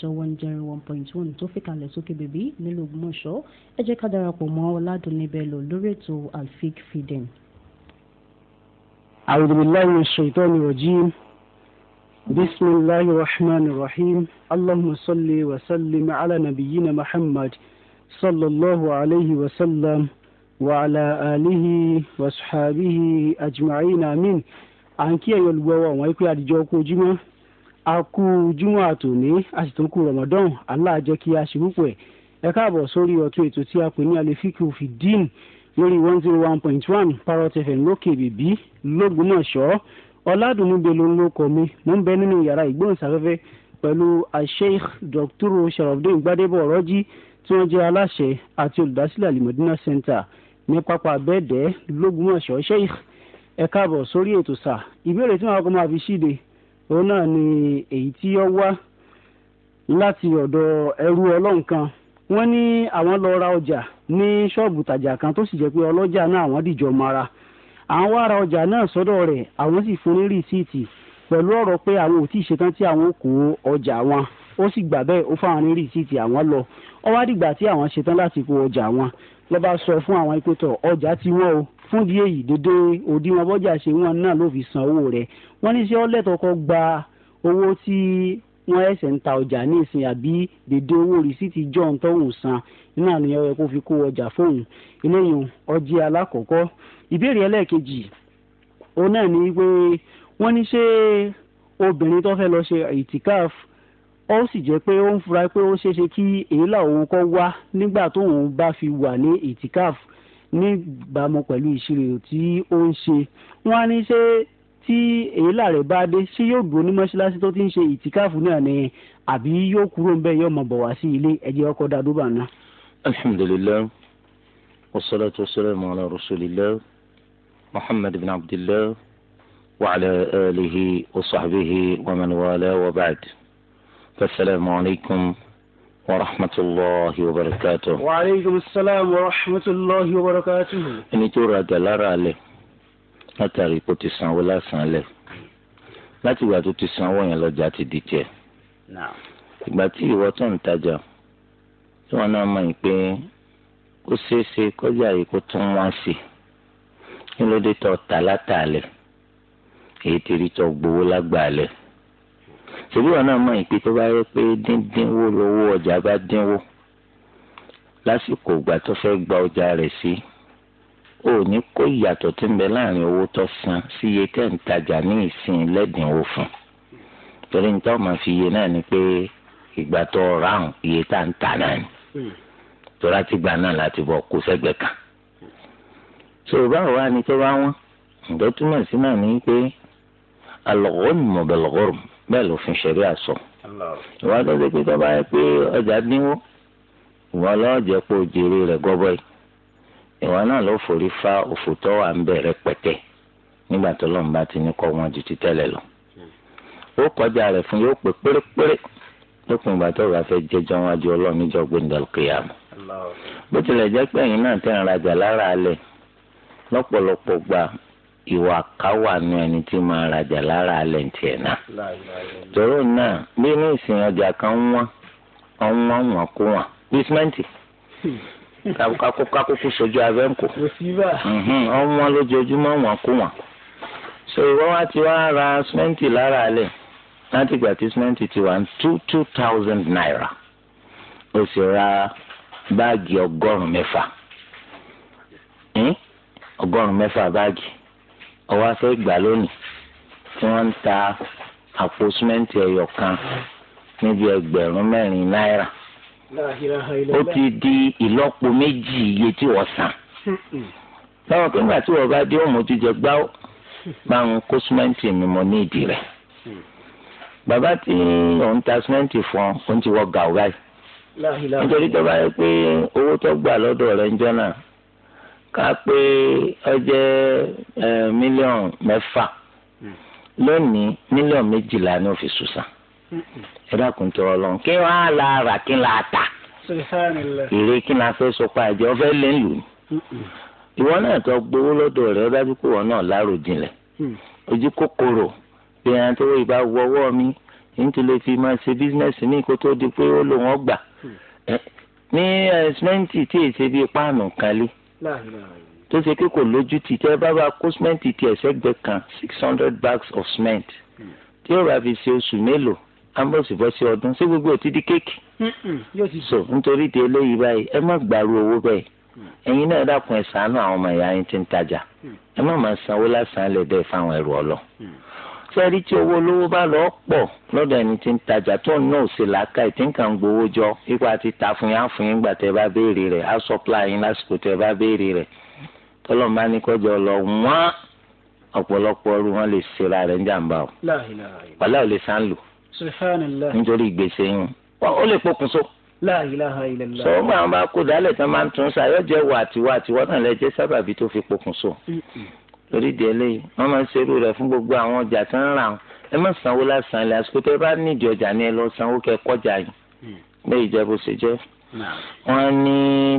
jọ̀wọ́ ń jẹrin one point one tó fi kalẹ̀ sókè bèbí nílùú Ògbómọ̀ṣọ́ ẹ jẹ́ ká darapọ̀ mọ́ Ọládùnní Bello lórí ètò alfik fiden. أعوذ بالله من الشيطان الرجيم بسم الله الرحمن الرحيم اللهم صل وسلم على نبينا محمد صلى الله عليه وسلم وعلى آله وصحبه أجمعين آمين à ń kí ẹ̀yọ́ olùgbọ́ wa wọ́n a kú júmọ́ àtòní a sì tún kú ramadan allah jẹ́ kí a ṣe púpọ̀ ẹ̀ ẹ káàbọ̀ sórí ọ̀tún ètò tí a pè ní alefiku fidin lórí one zero one point one parrot fm lókè bèbí lọ́gbọ́mọ̀ṣọ́ ọ̀làdùnmíbe ló ń lókọ mi mo ń bẹ nínú yàrá ìgbóhùnsáfẹ́fẹ́ pẹ̀lú asheikh dr sharafdin gbadebo ọ̀rọ́jì tí wọ́n jẹ́ aláṣẹ àti olùdásílẹ̀ alimọ̀dínà center ní pápá abẹ́ẹ̀dẹ́ lọ́gbọ́mọ̀ṣọ́ sheikh ẹ káàbọ̀ sórí ètò sà ìbéèrè tí wọn kọ́ máa fi ṣíde òun náà ni èyí tí ó wá láti ọ̀dọ̀ ẹrú ọlọ́run kan wọ́n ní àwọn lọ ra ọjà ní ṣọ́ọ̀bù tàjà kan tó sì jẹ́ pé ọlọ́jà náà àwọn dìjọ mara àwọn wá ra ọjà náà sọ́dọ̀ rẹ̀ àwọn sì fún ní rìsíìtì pẹ̀lú ọ̀rọ̀ pé àwọn ò tí ì ṣetán tí àwọn ò kó ọjà wọn ó sì gbà bẹ́ẹ̀ ó fáwọn ní rìsíìtì àwọn lọ ó wá tí àwọn ṣetán láti kó ọjà wọn ló sọ fún àwọn ìpẹ́tọ̀ ọjà tiwọn o fún díẹ̀ yìí dédé òdiwọ̀n bọ́jà ṣe wọn náà ló fi san owó rẹ̀ wọ́n ní ṣé ọlẹ́tọ̀ọ́kọ́ gba owó tí wọ́n ẹ̀sẹ̀ ń ta ọjà ní ìsìn àbí dédé owó rìsíìtì john tóun san iná ni ẹ kó fi kó ọjà fóun eléyìí ọjẹ́ alákọ̀ọ́kọ́ ìbéèrè ẹlẹ́ẹ̀kejì òun náà ni pé wọ́n ní ṣé obìnrin tó fẹ́ lọ ṣe ìtìkáf ó sì jẹ́ pé ó ń fura pé ó ṣeéṣe kí èélà òun kọ́ wá nígbà tóun bá fi wà ní ìtìkáf níbàámu pẹ̀lú ìṣirò tí ó ń ṣe wọ́n á ní ṣé tí èélà rẹ̀ bá dé ṣé yóò dúró ní mọ́ṣáláṣí tó ti ń ṣe ìtìkáfù náà ni àbí yóò kúrò ń bẹ́ẹ̀ yóò mọ̀ bọ̀ wá sí ilé ẹ̀jẹ̀ ọkọ̀ dàdúbà náà. alhamdulilayi wasalaatu wasalaamu ala rasulillah muhammad bin abdillah wa ala alihi wa sahbihi wa man wala wa ba'd. fasalaamu alaykum. ورحمة الله وبركاته وعليكم السلام ورحمة الله وبركاته ẹni tó rajà lára alẹ látàrí kó ti sanwó lásán lẹ láti ìgbà tó ti sanwó yẹn lọ́jà ti di tiẹ̀ ìgbà tí ìwọ tó ń tajà tí wọn náà mọ̀ pé ó ṣeé ṣe kọjá yìí kó tún wá sí i nílòdì tó tà látàlẹ̀ èyí ti rí tó gbowó lágbàálẹ̀ ṣèbí wọn náà mọ ìpè tó bá yẹ pé díndínwó lówó ọjà bá dínwó lásìkò ìgbà tó fẹ́ gba ọjà rẹ̀ sí ò ní kó ìyàtọ̀ tó ń bẹ láàrin owó tó san sí iye tẹ́ ń tajà ní ìsìn lẹ́dínwó fún torí níta ọmọ fi iye náà ni pé ìgbà tó ráhùn iye tá ń tà náà ni hmm. torí àti gbà náà láti bọ̀ kó sẹ́gbẹ̀ kan so báwo wá ni tó bá wọn ǹdọ́ túmọ̀ sí náà ni pé alọ́gọ́rùn-ún mọ̀bẹ̀lọ́gọ́rùn-ún bẹ́ẹ̀ lòfin ṣẹ̀rí àṣọ. ìwà tó ṣe pé tó bá yẹ pé ọjà dínwó ìwọ lọ́ọ̀jẹ̀ pé òjèrè rẹ̀ gọ́bọ̀ yìí ìwọ náà ló forí fa òfò tó wà ń bẹ̀rẹ̀ pẹ̀tẹ̀ nígbà tó lọ́n bá ti ní kọ́ wọn ju ti tẹ́lẹ̀ lọ. ó kọjá rẹ̀ fún yóò pé pérépéré lópin ìgbà tó bá fẹ́ jẹjọ́ wọn ju ọlọ́run níjọ́ gbẹ̀ndàlùkìyàmù. bó tilẹ̀ jẹ́ pé ẹ̀yin náà tẹ̀ ń rajà lára alẹ̀ lọ́pọ̀lọpọ̀ gbà ìwà káwà nu ẹni tí máa rajà lára alẹ̀ ń tiẹ̀ náà. tòró náà bí ní ìsìn ọjà kan wọ́n ọ̀wọ́n wọn kó wọn bí símẹ́ǹtì kakókakókó sojú abẹ́ ń kó lójoojúmọ́ wọn kó wọn. so ìwọ́ wa ti wá ra símẹ́ǹtì lára alẹ̀ láti ìgbà tí símẹ́ǹtì ti wà two two thousand naira o sì ra báàgì ọgọ́rùn-ún mẹ́fà ọgọ́rùn-ún mẹ́fà báàgì ọwọ́ afẹ́ gbà lónìí tí wọ́n ń ta àpò símẹ́ǹtì ẹyọ kan níbi ẹgbẹ̀rún mẹ́rin náírà ó ti di ìlọ́po méjì iye tí wọ́n san báwọn kí nígbà tí wọ́n bá dé òun ti jẹ gbáwó máa ń kó símẹ́ǹtì mi mọ́ ní ìdí rẹ̀ bàbá tí òun ta símẹ́ǹtì fún ọ òun ti wọ gàù báyìí nítorí tó bá yẹ pé owó tó gbà lọ́dọ̀ rẹ̀ ń jọ náà ká pé ẹ mílíọ̀nù mẹ́fà hmm. lónìí mílíọ̀nù méjìlá ni ó fi sùsà hmm, hmm. ẹ dákun tó ọlọ́run kí wọ́n á la rà kí n la tà èrè kí n la fẹ́ sọpá ẹ̀jẹ̀ ọ̀fẹ́ lù ìwọ náà tó gbowó lọ́dọ̀ rẹ̀ ó dájú pé ìwọ náà ojú kòkòrò bí ẹran tó ìbá wọwọ́ mi fi máa ṣe bísínẹ́sì ní kó tó di pé ó lò wọ́n gbà ní tó ṣe pé kò lójú ti tẹ bá bá kó sìmẹ́ǹtì tiẹ̀ sẹ́gbẹ̀ẹ́ kan six hundred bags of cement hmm. tí yóò rà fi ṣe oṣù mélòó ambrose bọ́ sí ọdún ṣé gbogbo ẹ̀ ti di kéèkì. Hmm, hmm, so nítorí ti eléyìí báyìí ẹ má gbàrú owó bẹ́ẹ̀ ẹ̀yin náà dákun ẹ̀ ṣàánú àwọn ọmọ ìyá yín ti ń tajà ẹ má máa sanwó lásán lẹ̀ bẹ́ẹ̀ fáwọn ẹrù ọlọ́. sẹ́rí tí owó olówó bá lọ pọ̀ lọ́dọ̀ ẹni tí ń tajà tó ń náà ṣe jọ ipa ti ta fún yín àfún yín gbà tẹ́ rẹ̀ á yín lásìkò tẹ́ bá béèrè rẹ̀ tọ́lọ́mọba ní kọjọ lọ wọ́n ọ̀pọ̀lọpọ̀ wọn lè rẹ̀ ń jàǹbá o ò lè sàn nítorí ìgbésẹ̀ yín ó lè pokùnso sọ kó dálẹ̀ tán máa ń tún lórí ìdí eléyìí wọ́n máa ń ṣerú rẹ̀ fún gbogbo àwọn ọjà tó ń rà wọn ẹ má sanwó lásán ilẹ̀ àsìkò tó bá nídìí ọjà ni ẹ lọ sanwó kẹ kọjá yìí ní hmm. ìjẹ́bù ṣe jẹ́ wọ́n ní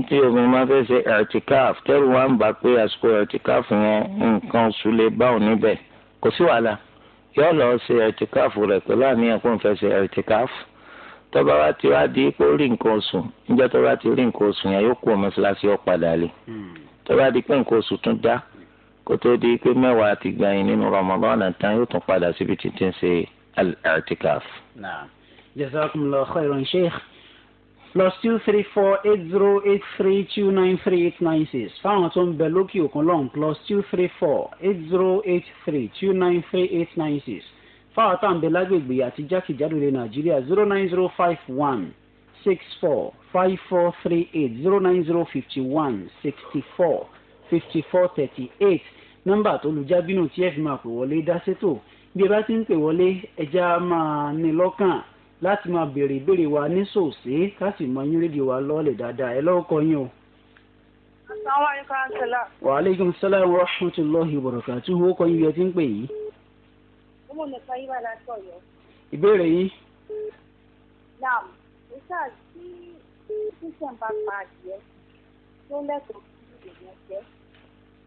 tí obìnrin máa fẹ́ ṣe ẹ̀rọ̀tìkáf tẹ́rù wá ń bà pé àsìkò ẹ̀rọ̀tìkáf yẹn nǹkan oṣù lè bá òun níbẹ̀ kò sí wàhálà yóò lọ ṣe ẹ̀rọ̀tìkáf rẹ̀ pẹ̀lú àníyàn kó n fẹ́ ṣe ẹ̀rọ̀tìkáf tọ́ba wa ti wá di kó rí nǹkan oṣù níjọ́ tọ́ba ti rí nǹkan oṣù yẹn yóò kó mọ́ṣáláṣí ọ̀ padà lé hmm. tọ́ba di pé nǹkan oṣù tún dá kó tó di pé mẹ́wàá ti gbẹ̀yìn nínú Ramadan tán yóò tún padà síbi títí ń ṣe al-i'tikaf. jazakumullahu khairan sheikh plus two three four eight zero eight three two nine three eight nine six fáwọn tó ń bẹ lókè òkun lọ́hùn plus two three four eight zero eight three two nine three eight nine six fáwọn tó ń bẹ lágbègbè àti jákèjádò nàìjíríà zero nine zero five one six four five four three eight zero nine zero fifty one sixty four. 5438. four thirty eight nọ́mbà tó lu jábínú tí ẹ fi máa pè wọlé dá sétò bí ẹ bá ti ń pè wọlé ẹja máa ní lọ́kàn láti máa béèrè ìbéèrè wa ní sòsé ká sì mọ yín rédíò wa lọ́ọ̀lẹ̀ dáadáa ẹ lọ́wọ́ kọ yín o. wa aleykum salaam wa rahmatulahi wa barakatuhu ó kọ yín bí ẹ ti ń pè yìí. ọmọ mi kan yín wà láti Ọ̀yọ́. ìbéèrè yìí. naam ìṣáà tí christian bá pa adìẹ tó lẹ́tọ̀ọ́ sí ìdènà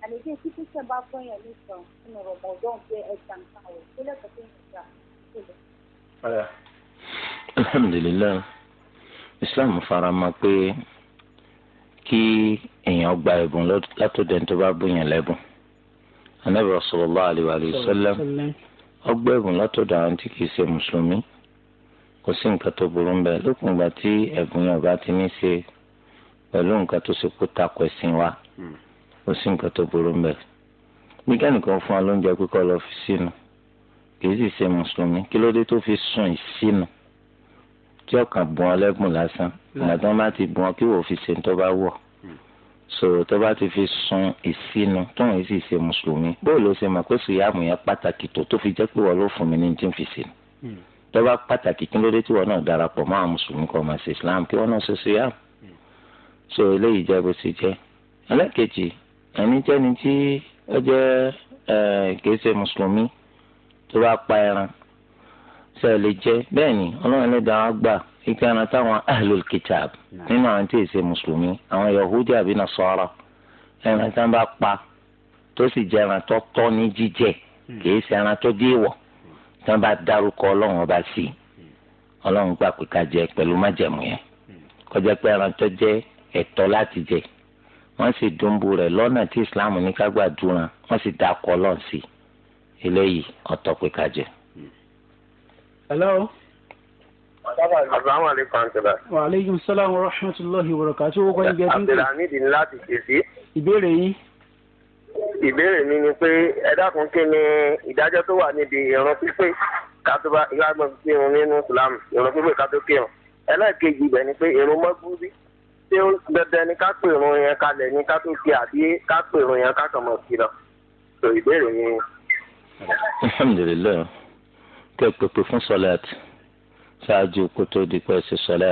And again, people say about when you need to, you know, but don't pay exam power. So let's think of that. Alhamdulillah Islam fara mọ́ pé kí èèyàn gba ẹ̀bùn látọ̀dẹ̀ tó bá bóyàn lẹ́bùn Ànábì sallallahu alaihi wa sallam ọgbà ẹ̀bùn látọ̀dọ̀ àwọn tí kìí ṣe mùsùlùmí kò sí nǹkan tó burú ńbẹ̀ lópin ìgbà tí ẹ̀bùn yẹn ò bá ti ní ṣe pẹ̀lú nǹkan tó ṣe kó takò ẹ̀sìn wa. Mm kò sí nǹkan tó burú mbẹ bí kẹ́nìkan fún wa lóúnjẹ pípọ̀ lọ fi sínú kìí sì ṣe mùsùlùmí kí ló dé tó fi sùn ìsínú tí ọkàn bùn ọ lẹ́gùn lásán ìgbà tí wọ́n bá ti bùn ọ kí wò ó fi ṣe tó bá wọ̀ hmm. sọ̀rọ̀ tó bá ti fi sun ìsínú tó ń sì ṣe mùsùlùmí bó ló ṣe mọ̀ pé sùyàmù yẹn pàtàkì tó tó fi jẹ́ pé wọ́n ló fún mi ní tí ń fi sínú hmm. tó bá pàtàkì kí ló dé tí wọ́n náà darapọ̀ mọ́ àwọn mùsùlùmí kan máa ṣe Islam kí wọ́n náà ṣe sùyàmù hmm. so eléyìí jẹ́ bó ṣe jẹ́ ẹlẹ́kejì ẹnikẹ́ni tí ó jẹ́ kìí ṣe mùsùlùmí tó bá pa ẹran ṣe lè jẹ bẹ́ẹ̀ ni ọlọ́run ẹlẹ́dàá gbà ike ẹran táwọn ahlul kitab nínú àwọn tí ì ṣe mùsùlùmí àwọn yahudi àbí nasara ẹran tí wọ́n bá pa tó sì jẹ ẹran tó tọ́ ní jíjẹ kìí ṣe ẹran tó dé ìwọ̀ tí wọ́n bá dárúkọ ọlọ́run ọba sí ọlọ́run gbà pé ká jẹ pẹ̀lú májẹ̀mú yẹn kọjá pé ẹran tó jẹ ẹ̀tọ́ láti jẹ wọ́n sì dùnbù rẹ̀ lọ́nà tí islam ní ká gbàdúrà wọ́n sì dá kọ́ lọ́n sí i eléyìí ọ̀tọ̀ pé ká jẹ. hello. asalaamualeykum antala. wa aleykum salaam wa rahmatulahi wa barakatuh. owó kan ibi ẹtí ń bẹ̀rẹ̀. abdulhamid ni láti ṣèṣì. ìbéèrè yín. ìbéèrè mi ni pé ẹ dákun kí ni ìdájọ́ tó wà níbi ìran pípé kátó bá ìyá àgbọn kírun nínú islam ìran pípé kátó kírun ẹlẹ́ẹ̀kejì ibẹ̀ ni pé ìrun mọ́gbúrí ṣé dandan ni ká pèrún yẹn kalẹ̀ ni ká tó fi àbí ká pèrún yẹn ká kàn mọ̀ sí lọ tó ìbéèrè yẹn. alhamdulilayi kí ẹ pèpè fún sọlẹt ṣáájú kó tó di pé ṣe sọlẹ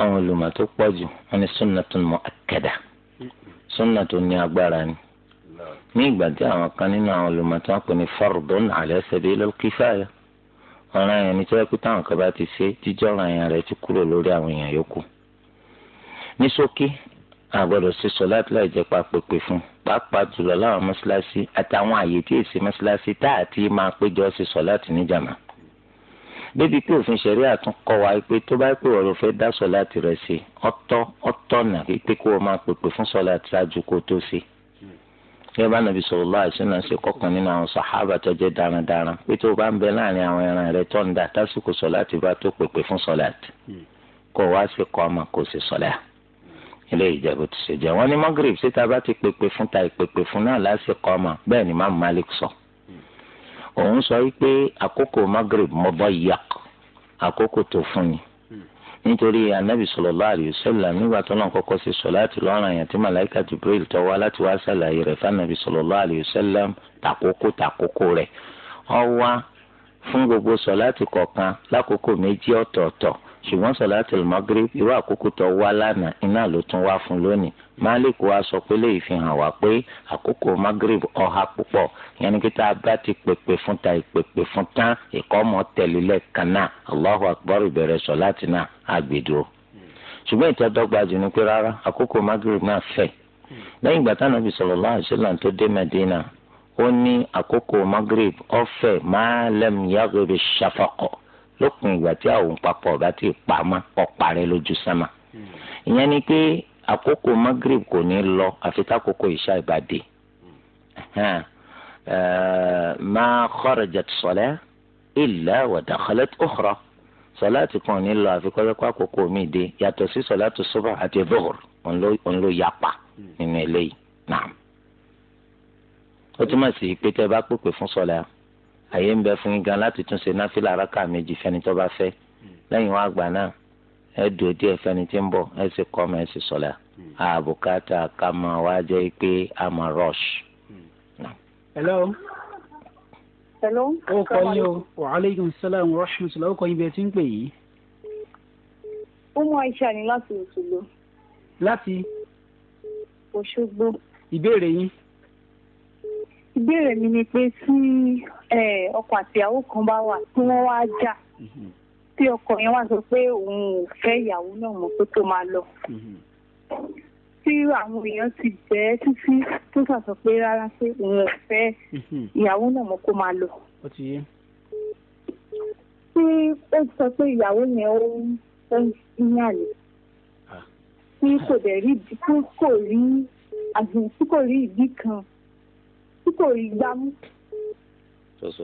àwọn olùmọ̀ tó pọ̀ jù wọn ni sunnatun mu'akkada sunnatun ní agbára ni ní ìgbà tí àwọn kan nínú àwọn olùmọ̀ tó ń pè ní fardun ala sabilil kifaya ọ̀ràn yẹn ni tí wọ́n pé táwọn kan bá ti ṣe jíjọ́ ọ̀ràn yẹn rẹ̀ ti kúrò lórí àwọn èèyàn yòókù ní ṣókí àgbọ̀dọ̀ ṣe sọ láti láì jẹ́ papòpè fún pàápàá jùlọ láwọn mọ́ṣáláṣí àtàwọn àyè tí èsì mọ́ṣáláṣí tá àti máa péjọ ṣe sọ láti níjàmá. débi pé òfin ṣẹ̀rí àtúnkọ́ wa pé tó bá pè wọ́n ló fẹ́ dá sọ láti rẹ̀ ṣe ọ̀tọ̀ ọ̀tọ̀nà pé kó o máa pèpè fún sọ láti ṣáájú kó tó ṣe. ṣé bá nàbí sọ̀rọ̀ lọ́wọ́ àṣìṣe ṣe kọ́kàn nínú àwọn sàhábà tó jẹ́ darandaran pé tó bá ń bẹ láàrin àwọn ẹran rẹ̀ tó ń dà tásìkò sọ láti bá tó pèpè fún sọ láti kó o wá sí kọ́ ọmọ kó o sì sọ láti eléyìí jẹ́ bó ti ṣe jẹ́ wọ́n ní magrib síta bá ti pèpè fún ta ìpèpè fún náà láti kọ́ ọmọ bẹ́ẹ̀ ni Imam Malik sọ òun sọ wípé àkókò magrib mọ́bọ́ yak àkókò tó fún ni nítorí anabi sallallahu alaihi wasallam nígbà tó náà kọ́kọ́ ṣe sọ láti lọ́rùn àyàn tí màláìka Jibril tó wá láti wá ṣàlàyé rẹ̀ fànàbì sallallahu alaihi wasallam tàkókò tàkókò rẹ̀ ó wà fún gbogbo sọ láti kọ̀ọ̀kan lákòókò méjì ọ̀tọ̀ọ̀tọ̀ ṣùgbọ́n sọ̀láàtì Maghrib irú àkókò tó wá lánàá iná ló tún wá fún lónìí Malik wa sọ pé léyìí fi hàn wá pé àkókò Maghrib ọ̀há púpọ̀ bá ti pèpè fún ta ìpèpè fún tán kana ọmọ tẹ̀lélẹ̀ kan náà Allahu Akbar ìbẹ̀rẹ̀ sọ̀láàtì náà àgbèdúró ṣùgbọ́n ìtọ́dọ́gba jù ni pé rárá àkókò Maghrib náà fẹ̀ lẹ́yìn ìgbà táwọn Ànábì tó dé Medina ó ní àkókò ọ̀fẹ́ máa lẹ́mú lópin ìgbà tí àwọn papọ̀ ọ̀gá ti pa mọ́ ọ̀pá rẹ lójú sánmà. ìyẹn ni pé àkókò magrib kò ní lọ àfi tákòókò ìṣá ìbàdí. ma kharajat salah illa wa dakhalat ukhra sọláàtì kan ní lọ àfi kọ́jọ́pá àkókò mi dé yàtọ̀ sí sọláàtì sọ́bà àti bọ́ọ̀r òun ló yapa nínú eléyìí ó túmọ̀ sí pé bá pèpè fún sọlá àyè ń bẹ fún yín gan láti tún ṣe náfìlà rákà méjì fẹ́ni tó bá fẹ́ lẹ́yìn wọn àgbà náà ẹ dùn díẹ̀ fẹ́ni tí ń bọ̀ ẹ sì kọ́ ọmọ ẹ sì sọ̀lá àbùkátà hmm. ká máa wá jẹ́ pé a máa rush. Hmm. hello. hello. ó kọ́ yín o wa aleykum salaam wa rahmatulah ó kọ́ yín bí ẹ ti ń pè yìí. ó mú aisha ni láti Òṣogbo. láti. Òṣogbo. ìbéèrè yín ìbéèrè mi ni pé tí ọkọ àti ìyàwó kan bá wà tí wọ́n wá jà mhm. tí ọkọ yẹn wá sọ pé òun ò fẹ́ ìyàwó náà mọ́ pé tó máa lọ mhm. tí àwọn èèyàn ti bẹ́ títí tó sàsọ pé rárá pé òun ò fẹ́ mhm. ìyàwó náà mọ́ kó máa lọ. tí ó sọ pé ìyàwó yẹn ó ń yàn ní ah. tí kò dẹ̀ rí tí kò rí àgbẹ̀ tí kò rí ìdí kan tí kò rí gbámú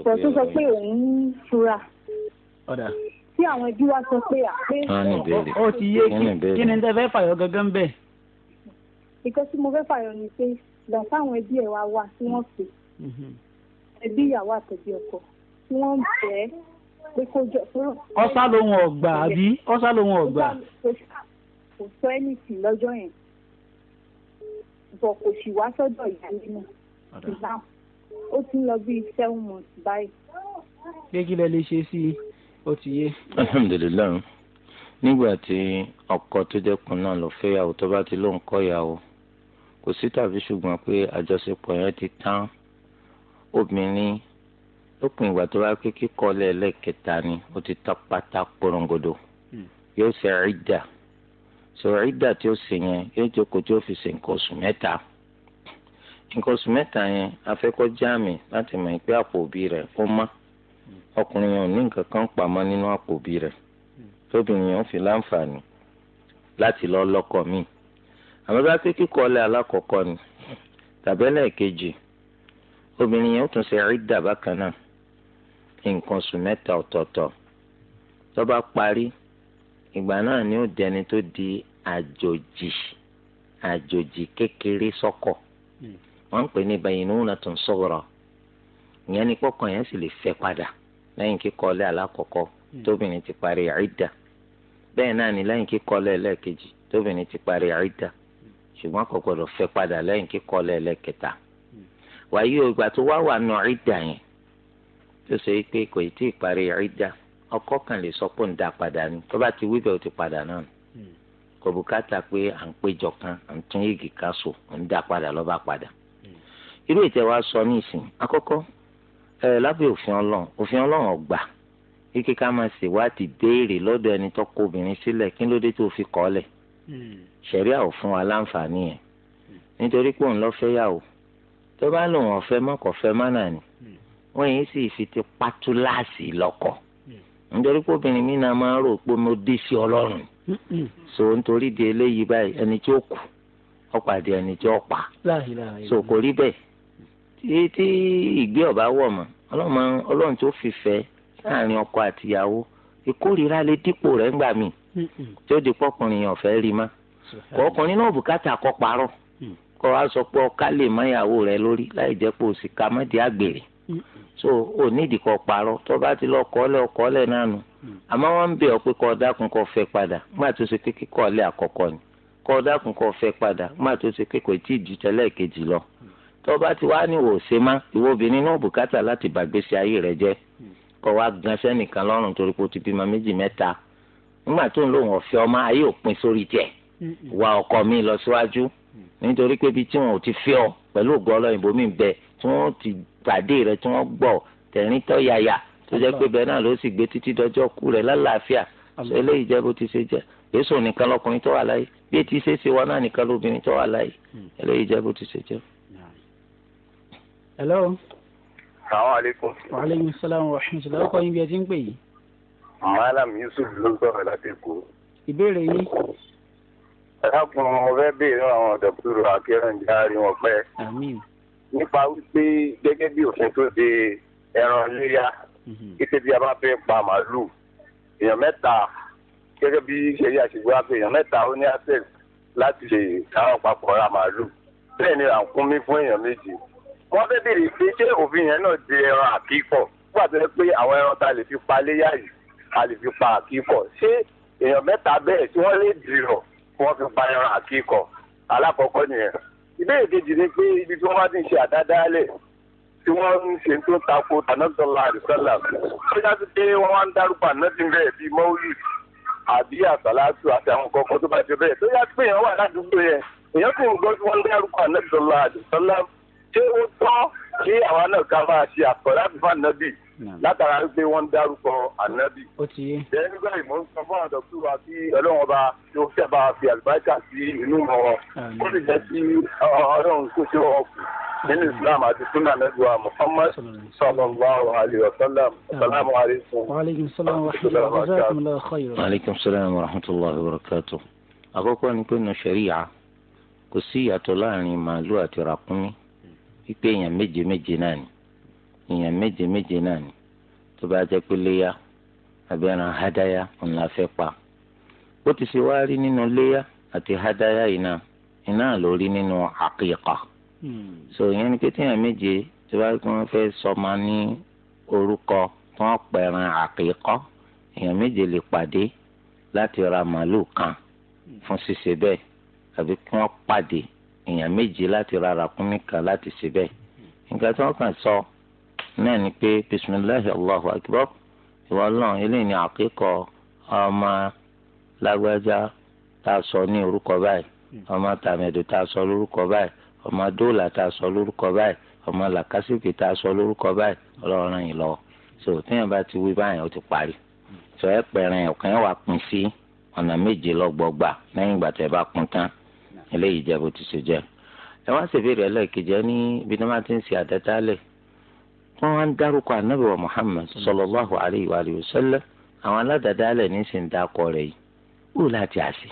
pọ̀ tó sọ pé òun ń fura tí àwọn ẹbí wa sọ pé àpé. ó ti yé kí ni tẹ fẹ́ fàyọ gangan bẹ́ẹ̀. ìkọ́ tí mo fẹ́ fàyọ ni pé ìgbà táwọn ẹbí ẹ̀ wá wá tí wọ́n fè mhm. ẹbí ìyàwó àtẹ̀bí ọkọ tí wọ́n ń bẹ̀ ẹ́ pé kó jọ kúrò. ọ̀sá lòun ọ̀gbà àbí ọ̀sá lòun ọ̀gbà. kò sọ ẹ́ nìsín lọ́jọ́ yẹn bọ̀ kò sì wá sọ́dọ̀ ìyá nínú exam ó ti ń lọ bíi seven months báyìí. pé kí lẹ lè ṣe sí i ó ti yé. alhamdulilayi nígbà tí ọkọ tó dẹkùn náà lọ fẹ́yàwó tó bá ti lóun kọ́ ìyàwó kò sí tàbí ṣùgbọ́n pé àjọṣepọ̀ yẹn ti tán obìnrin lópin ìgbà tó bá pé kíkọ́ lẹ́ẹ̀lẹ́kẹta ni ó ti tán pátá porongodo hmm. yóò ṣe ẹ̀rídà ṣe ẹ̀rídà tí ó ṣe yẹn yóò jókòó tí ó fi ṣe nǹkan oṣù mẹ́ta nǹkan oṣù mẹ́ta yẹn afẹ́kọ́já mi láti mọ̀ pé àpò òbí rẹ̀ ó má ọkùnrin yẹn ò ní nǹkan kan pamọ́ nínú àpò òbí rẹ̀ tóbìnrin yẹn ó fi láǹfààní láti lọ lọ́kọ míì àmọ́ bá pé kíkọ́ ọlẹ́ alákọ̀ọ́kọ́ ni tàbẹ́lẹ̀ kejì obìnrin yẹn ó tún ṣe rídà bákan náà nǹkan oṣù mẹ́ta ọ̀tọ̀ọ̀tọ̀ tó bá parí ìgbà náà ni ó dẹni tó di àjòjì àjòjì kékeré sọ́kọ. So wọ́n ń pè ní bayyinunatun sughra ìyẹn ni pọ́kàn yẹn sì lè fẹ́ padà lẹ́yìn kíkọ́lẹ̀ alákọ̀ọ́kọ́ hmm. tóbìnrin ti parí náà ni tóbìnrin ti parí kò padà hmm. wàyí tó wá wà nù yẹn tó ṣe é pé kò tí ì ọkọ kan lè sọ pé ń da padà ni tó bá ti wí bẹ́ẹ̀ ó ti padà náà hmm. kò bùkátà pé à ń péjọ kan à padà lọ́ba padà. irú ètò wa sọ ní ìsìn àkọ́kọ́ ẹ lábẹ́ òfin ọlọ́run òfin ọlọ́run ọgbà kíkẹ́ ká máa ṣèwádìí béèrè lọ́dọ̀ ẹni tó kó obìnrin sílẹ̀ kí ló dé tó fi kọ́ lẹ̀ hmm. ṣẹ̀ríà ò fún wa láǹfààní yẹn nítorí pé òun lọ fẹ́ yàwó tó bá lòun ọ̀fẹ́ mọ́kànfẹ́ mánà ni hmm. wọ́n yìí sì fi ti pátú láàsì lọ́kọ̀ hmm. nítorí pé obìnrin mi náà máa ń rò pé mo dé sí ọlọ́run so nítorí di eléyìí báyìí ẹni tí ó kù ó pàdé ẹni tí ó pa so kò rí bẹ́ẹ̀ tí ìgbé ọba wọ̀ ọlọmọ ọlọ́run tó fi fẹ láàrin ọkọ àtìyàwó ìkórìíra lè dípò rẹ̀ ńgbà míì tí ó di pọ́kùnrin yàn rí ma ọkùnrin náà bùkátà kọ́ parọ́ mm. kọ́ wa sọ pé rẹ lórí láì àgbèrè so ò nídìí kọ́ parọ́ tó bá ti lọ mm. àmọ́ wọ́n ń ọ́ pé tọba ti wá ní òsè má ìwọ obìnrin náà bùkátà láti bàgbèsè ayé rẹ jẹ kọ wá gan sẹ́nìkan lọ́rùn torí pé ó ti bímọ méjì mẹ́ta nígbà tó ń lò wọ́n fẹ́ ọmọ ayé òpin sórí tiẹ̀ wá ọkọ mi lọ síwájú nítorí pé ibi tí wọn ò ti fẹ́ ọ pẹ̀lú ògùn ọlọ́yìnbó mi bẹ tí wọ́n ti pàdé rẹ tí wọ́n gbọ́ tẹ̀rín tọ́ yàyà tó jẹ́ pé bẹ́ẹ̀ náà ló sì gbé títí dọjọ́ kú rẹ̀ lálàáfíà eléyìí jẹ́ bó ti ṣe jẹ́ èso nìkan lọkùnrin tó wà láyé bí etí ṣe ṣe wọn náà nìkan lóbìnrin tó wà láyé hmm. eléyìí jẹ́ bó ti ṣe jẹ́ hello. sàwọn àlékún. waaleykum salaam wa rahmatulah ọkọ yín bí ẹ ti ń pè yìí. malam yusuf ló ń sọ̀rọ̀ láti èkó. ìbéèrè yín. ẹ̀sàkùn mo fẹ́ béèrè àwọn dọ̀kítọ̀rọ̀ akẹ́rọ̀njẹ́ àárín wọn pẹ́. àmín. nípa wípé gẹ́gẹ́ bí òfin tó de ẹran léyà mhm. kété bí a bá fẹ́ pa màálù èèyàn mẹ́ta gẹ́gẹ́ bí ṣẹ̀yà ṣègbè wá pé èèyàn mẹ́ta ó ní access láti lè dáhùn papọ̀ ra màálù bẹ́ẹ̀ ni à ń kún mí fún èèyàn méjì wọ́n fẹ́ bèrè pé ṣé òfin yẹn náà di ẹran àkíkọ̀ nígbà tó yẹ pé àwọn ẹran ta lè fi pa léyà yìí a lè fi pa àkíkọ̀ ṣé èèyàn mẹ́ta bẹ́ẹ̀ tí wọ́n lè dìrọ̀ kí wọ́n fi pa ẹran àkíkọ̀ alákọ̀ọ́kọ́ nìyẹn ìbéèrè kejì ni pé ibi tí wọ́n bá ti ń ṣe àdádálẹ̀ tí wọ́n ń ṣe tó ń tako tànàtọ̀lá àdìsọ́là ṣé dájú pé wọ́n wá ń dárúkọ ànátìmí bẹ́ẹ̀ bíi mọ́wúlì àbí àsálàtù àti àwọn kọ̀ọ̀kan tó bá ṣe bẹ́ẹ̀ tó yá pé èèyàn wà ládùúgbò yẹn èèyàn kò gbọ́ tí wọ́n ń dárúkọ ànátọ̀lá àdìsọ́là ṣé ó tọ́ kí àwa náà ká máa ṣe àtọ̀ láti fún ànábì hmm. látara pé wọ́n ń dárúkọ ànábì. ó ti yé. bẹ́ẹ̀ nígbà yìí mò ń sọ fún àdókù wa kí ọlọ́run ọba tó fẹ́ bá fi àlùbáríkà sí inú wọn kó lè jẹ́ sí ọlọ́run kó ṣe ọkùn nínú islam àti sunna nàìjíríà muhammad sallallahu alayhi wa sallam salaamu alaykum. wa aleykum salaam wa rahmatulah wa barakatuh. wa ni pé nù sẹ́ríyà kò sí ìyàtọ̀ láàrin màálù àti ràkúnmí wípé èèyàn méje méje náà ni èèyàn méje méje náà ni tó bá jẹ́ pé léyà abẹ́ran hádáyà ńlá fẹ́ pa bó ti ṣe wá rí nínú léyà àti hádáyà iná iná ló rí nínú àkíkà hmm. so ìyẹn ni pé téèyàn méje tó bá rí pé wọ́n fẹ́ sọmọ ní orúkọ tí wọ́n pẹ̀ràn àkíkà èèyàn méje lè pàdé láti ra màálù kan hmm. fún ṣíṣe bẹ́ẹ̀ àbí kí wọ́n pàdé èèyàn méje láti ra ràkúnmí kan láti ṣe bẹ́ẹ̀ nǹkan tí wọ́n kàn sọ náà ni pé bisimilahi allahu akbar ìwọ náà eléyìí ni àkíkọ ọmọ lágbájá tá a sọ ní orúkọ báyìí ọmọ tàmẹ̀dù tá a sọ lórúkọ báyìí ọmọ dóòlà tá a sọ lórúkọ báyìí ọmọ làkàsìkì tá a sọ lórúkọ báyìí ọlọ́run yìí lọ so téèyàn bá ti wí báyìí ó ti parí sọ ẹ pẹ̀rẹ̀ ọ̀kan wà pín sí ọ̀nà méje lọ́gbọ̀gba lẹ́yìn ìgbà tẹ̀ bá kún tán eléyìí jẹ́ bó ti ṣe jẹ́ ẹ wá ṣèbéèrè ẹlẹ́ẹ̀kejì ẹ ní ibi tí wọ́n ti ń ṣe àdẹ́tálẹ̀ wọ́n wá ń dárúkọ ànábì wa Muhammad sallallahu alayhi wa sallam àwọn aládàdálẹ̀ ní sì ń dákọ rẹ̀ yìí wù láti àṣì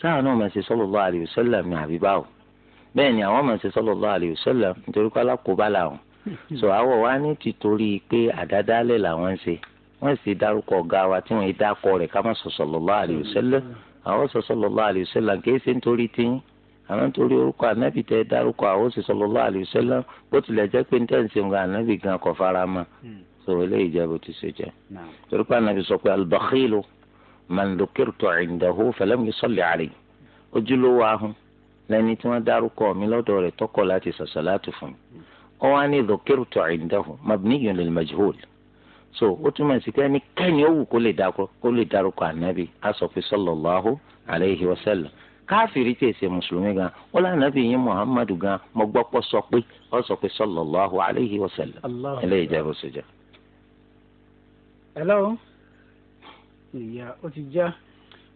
sáà náà máa ṣe sallallahu alayhi wa sallam ní àbíbáwò bẹ́ẹ̀ ni àwọn máa ṣe sallallahu alayhi wa sallam nítorí pé alákòóbá làwọn sọ àwọ̀ wa ní àwọn sọ sallallahu alaihi wasallam kìí ṣe nítorí tiyín àwọn nítorí orúkọ ànábì tẹ dárúkọ àwọn sì sallallahu alaihi wasallam bó tilẹ̀ jẹ́ pé níta ìsìn gan ànábì gan kò fara mọ́ hmm. sọ eléyìí jẹ́ bó ti ṣe jẹ́ torí pé ànábì sọ pé al-bakhilu man dhukirtu indahu falam yusalli alayhi ojúlówó ahun lẹni tí wọ́n dárúkọ mi lọ́dọ̀ rẹ̀ tọkọ láti sọ salatu fún mi ó wá ní dhukirtu indahu mabniyun lil majhul so ó túmọ̀ sí pé ẹnikẹ́ni ó wù kó lè dárúkọ kó lè dárúkọ ànábì á sọ pé sallallahu alayhi wa sallam káfíìrì tí èsè mùsùlùmí gan ó lànàbì yín muhammadu gan mo gbọ́ pọ̀ sọ pé ó sọ pé sallallahu alayhi wa sallam eléyìí jẹ́ bó ṣe jẹ́. hello ìyá ó ti já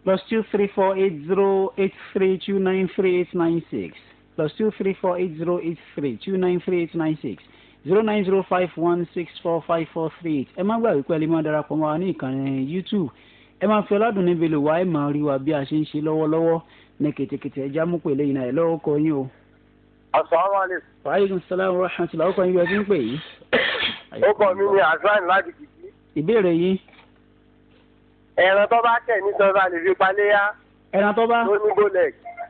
plus two three four eight zero eight three two nine three eight nine six plus two three four eight zero eight three two nine three eight nine six zero nine zero five one six four five four three eight ẹ má gbàgbé pé ẹlẹ́mọ̀ darapọ̀ mọ́ wa ní ìkànnì YouTube ẹ máa fi ọládùn níbi lò wá ẹ máa rí wa bí a ṣe ń ṣe lọ́wọ́lọ́wọ́ ní kètèkètè ẹja mú pèlè yìí náà ẹ lọ́wọ́ kọ yín o. asalaamualeykum. waaleykum salaam wa rahmatulah ọkọ yín bí ẹ ti ń pè yìí. ó kọ mi ní hasan láti kìkì. ìbéèrè yín. ẹran tó bá tẹ̀ ní sanra lè fi paléyà. ẹran tó bá.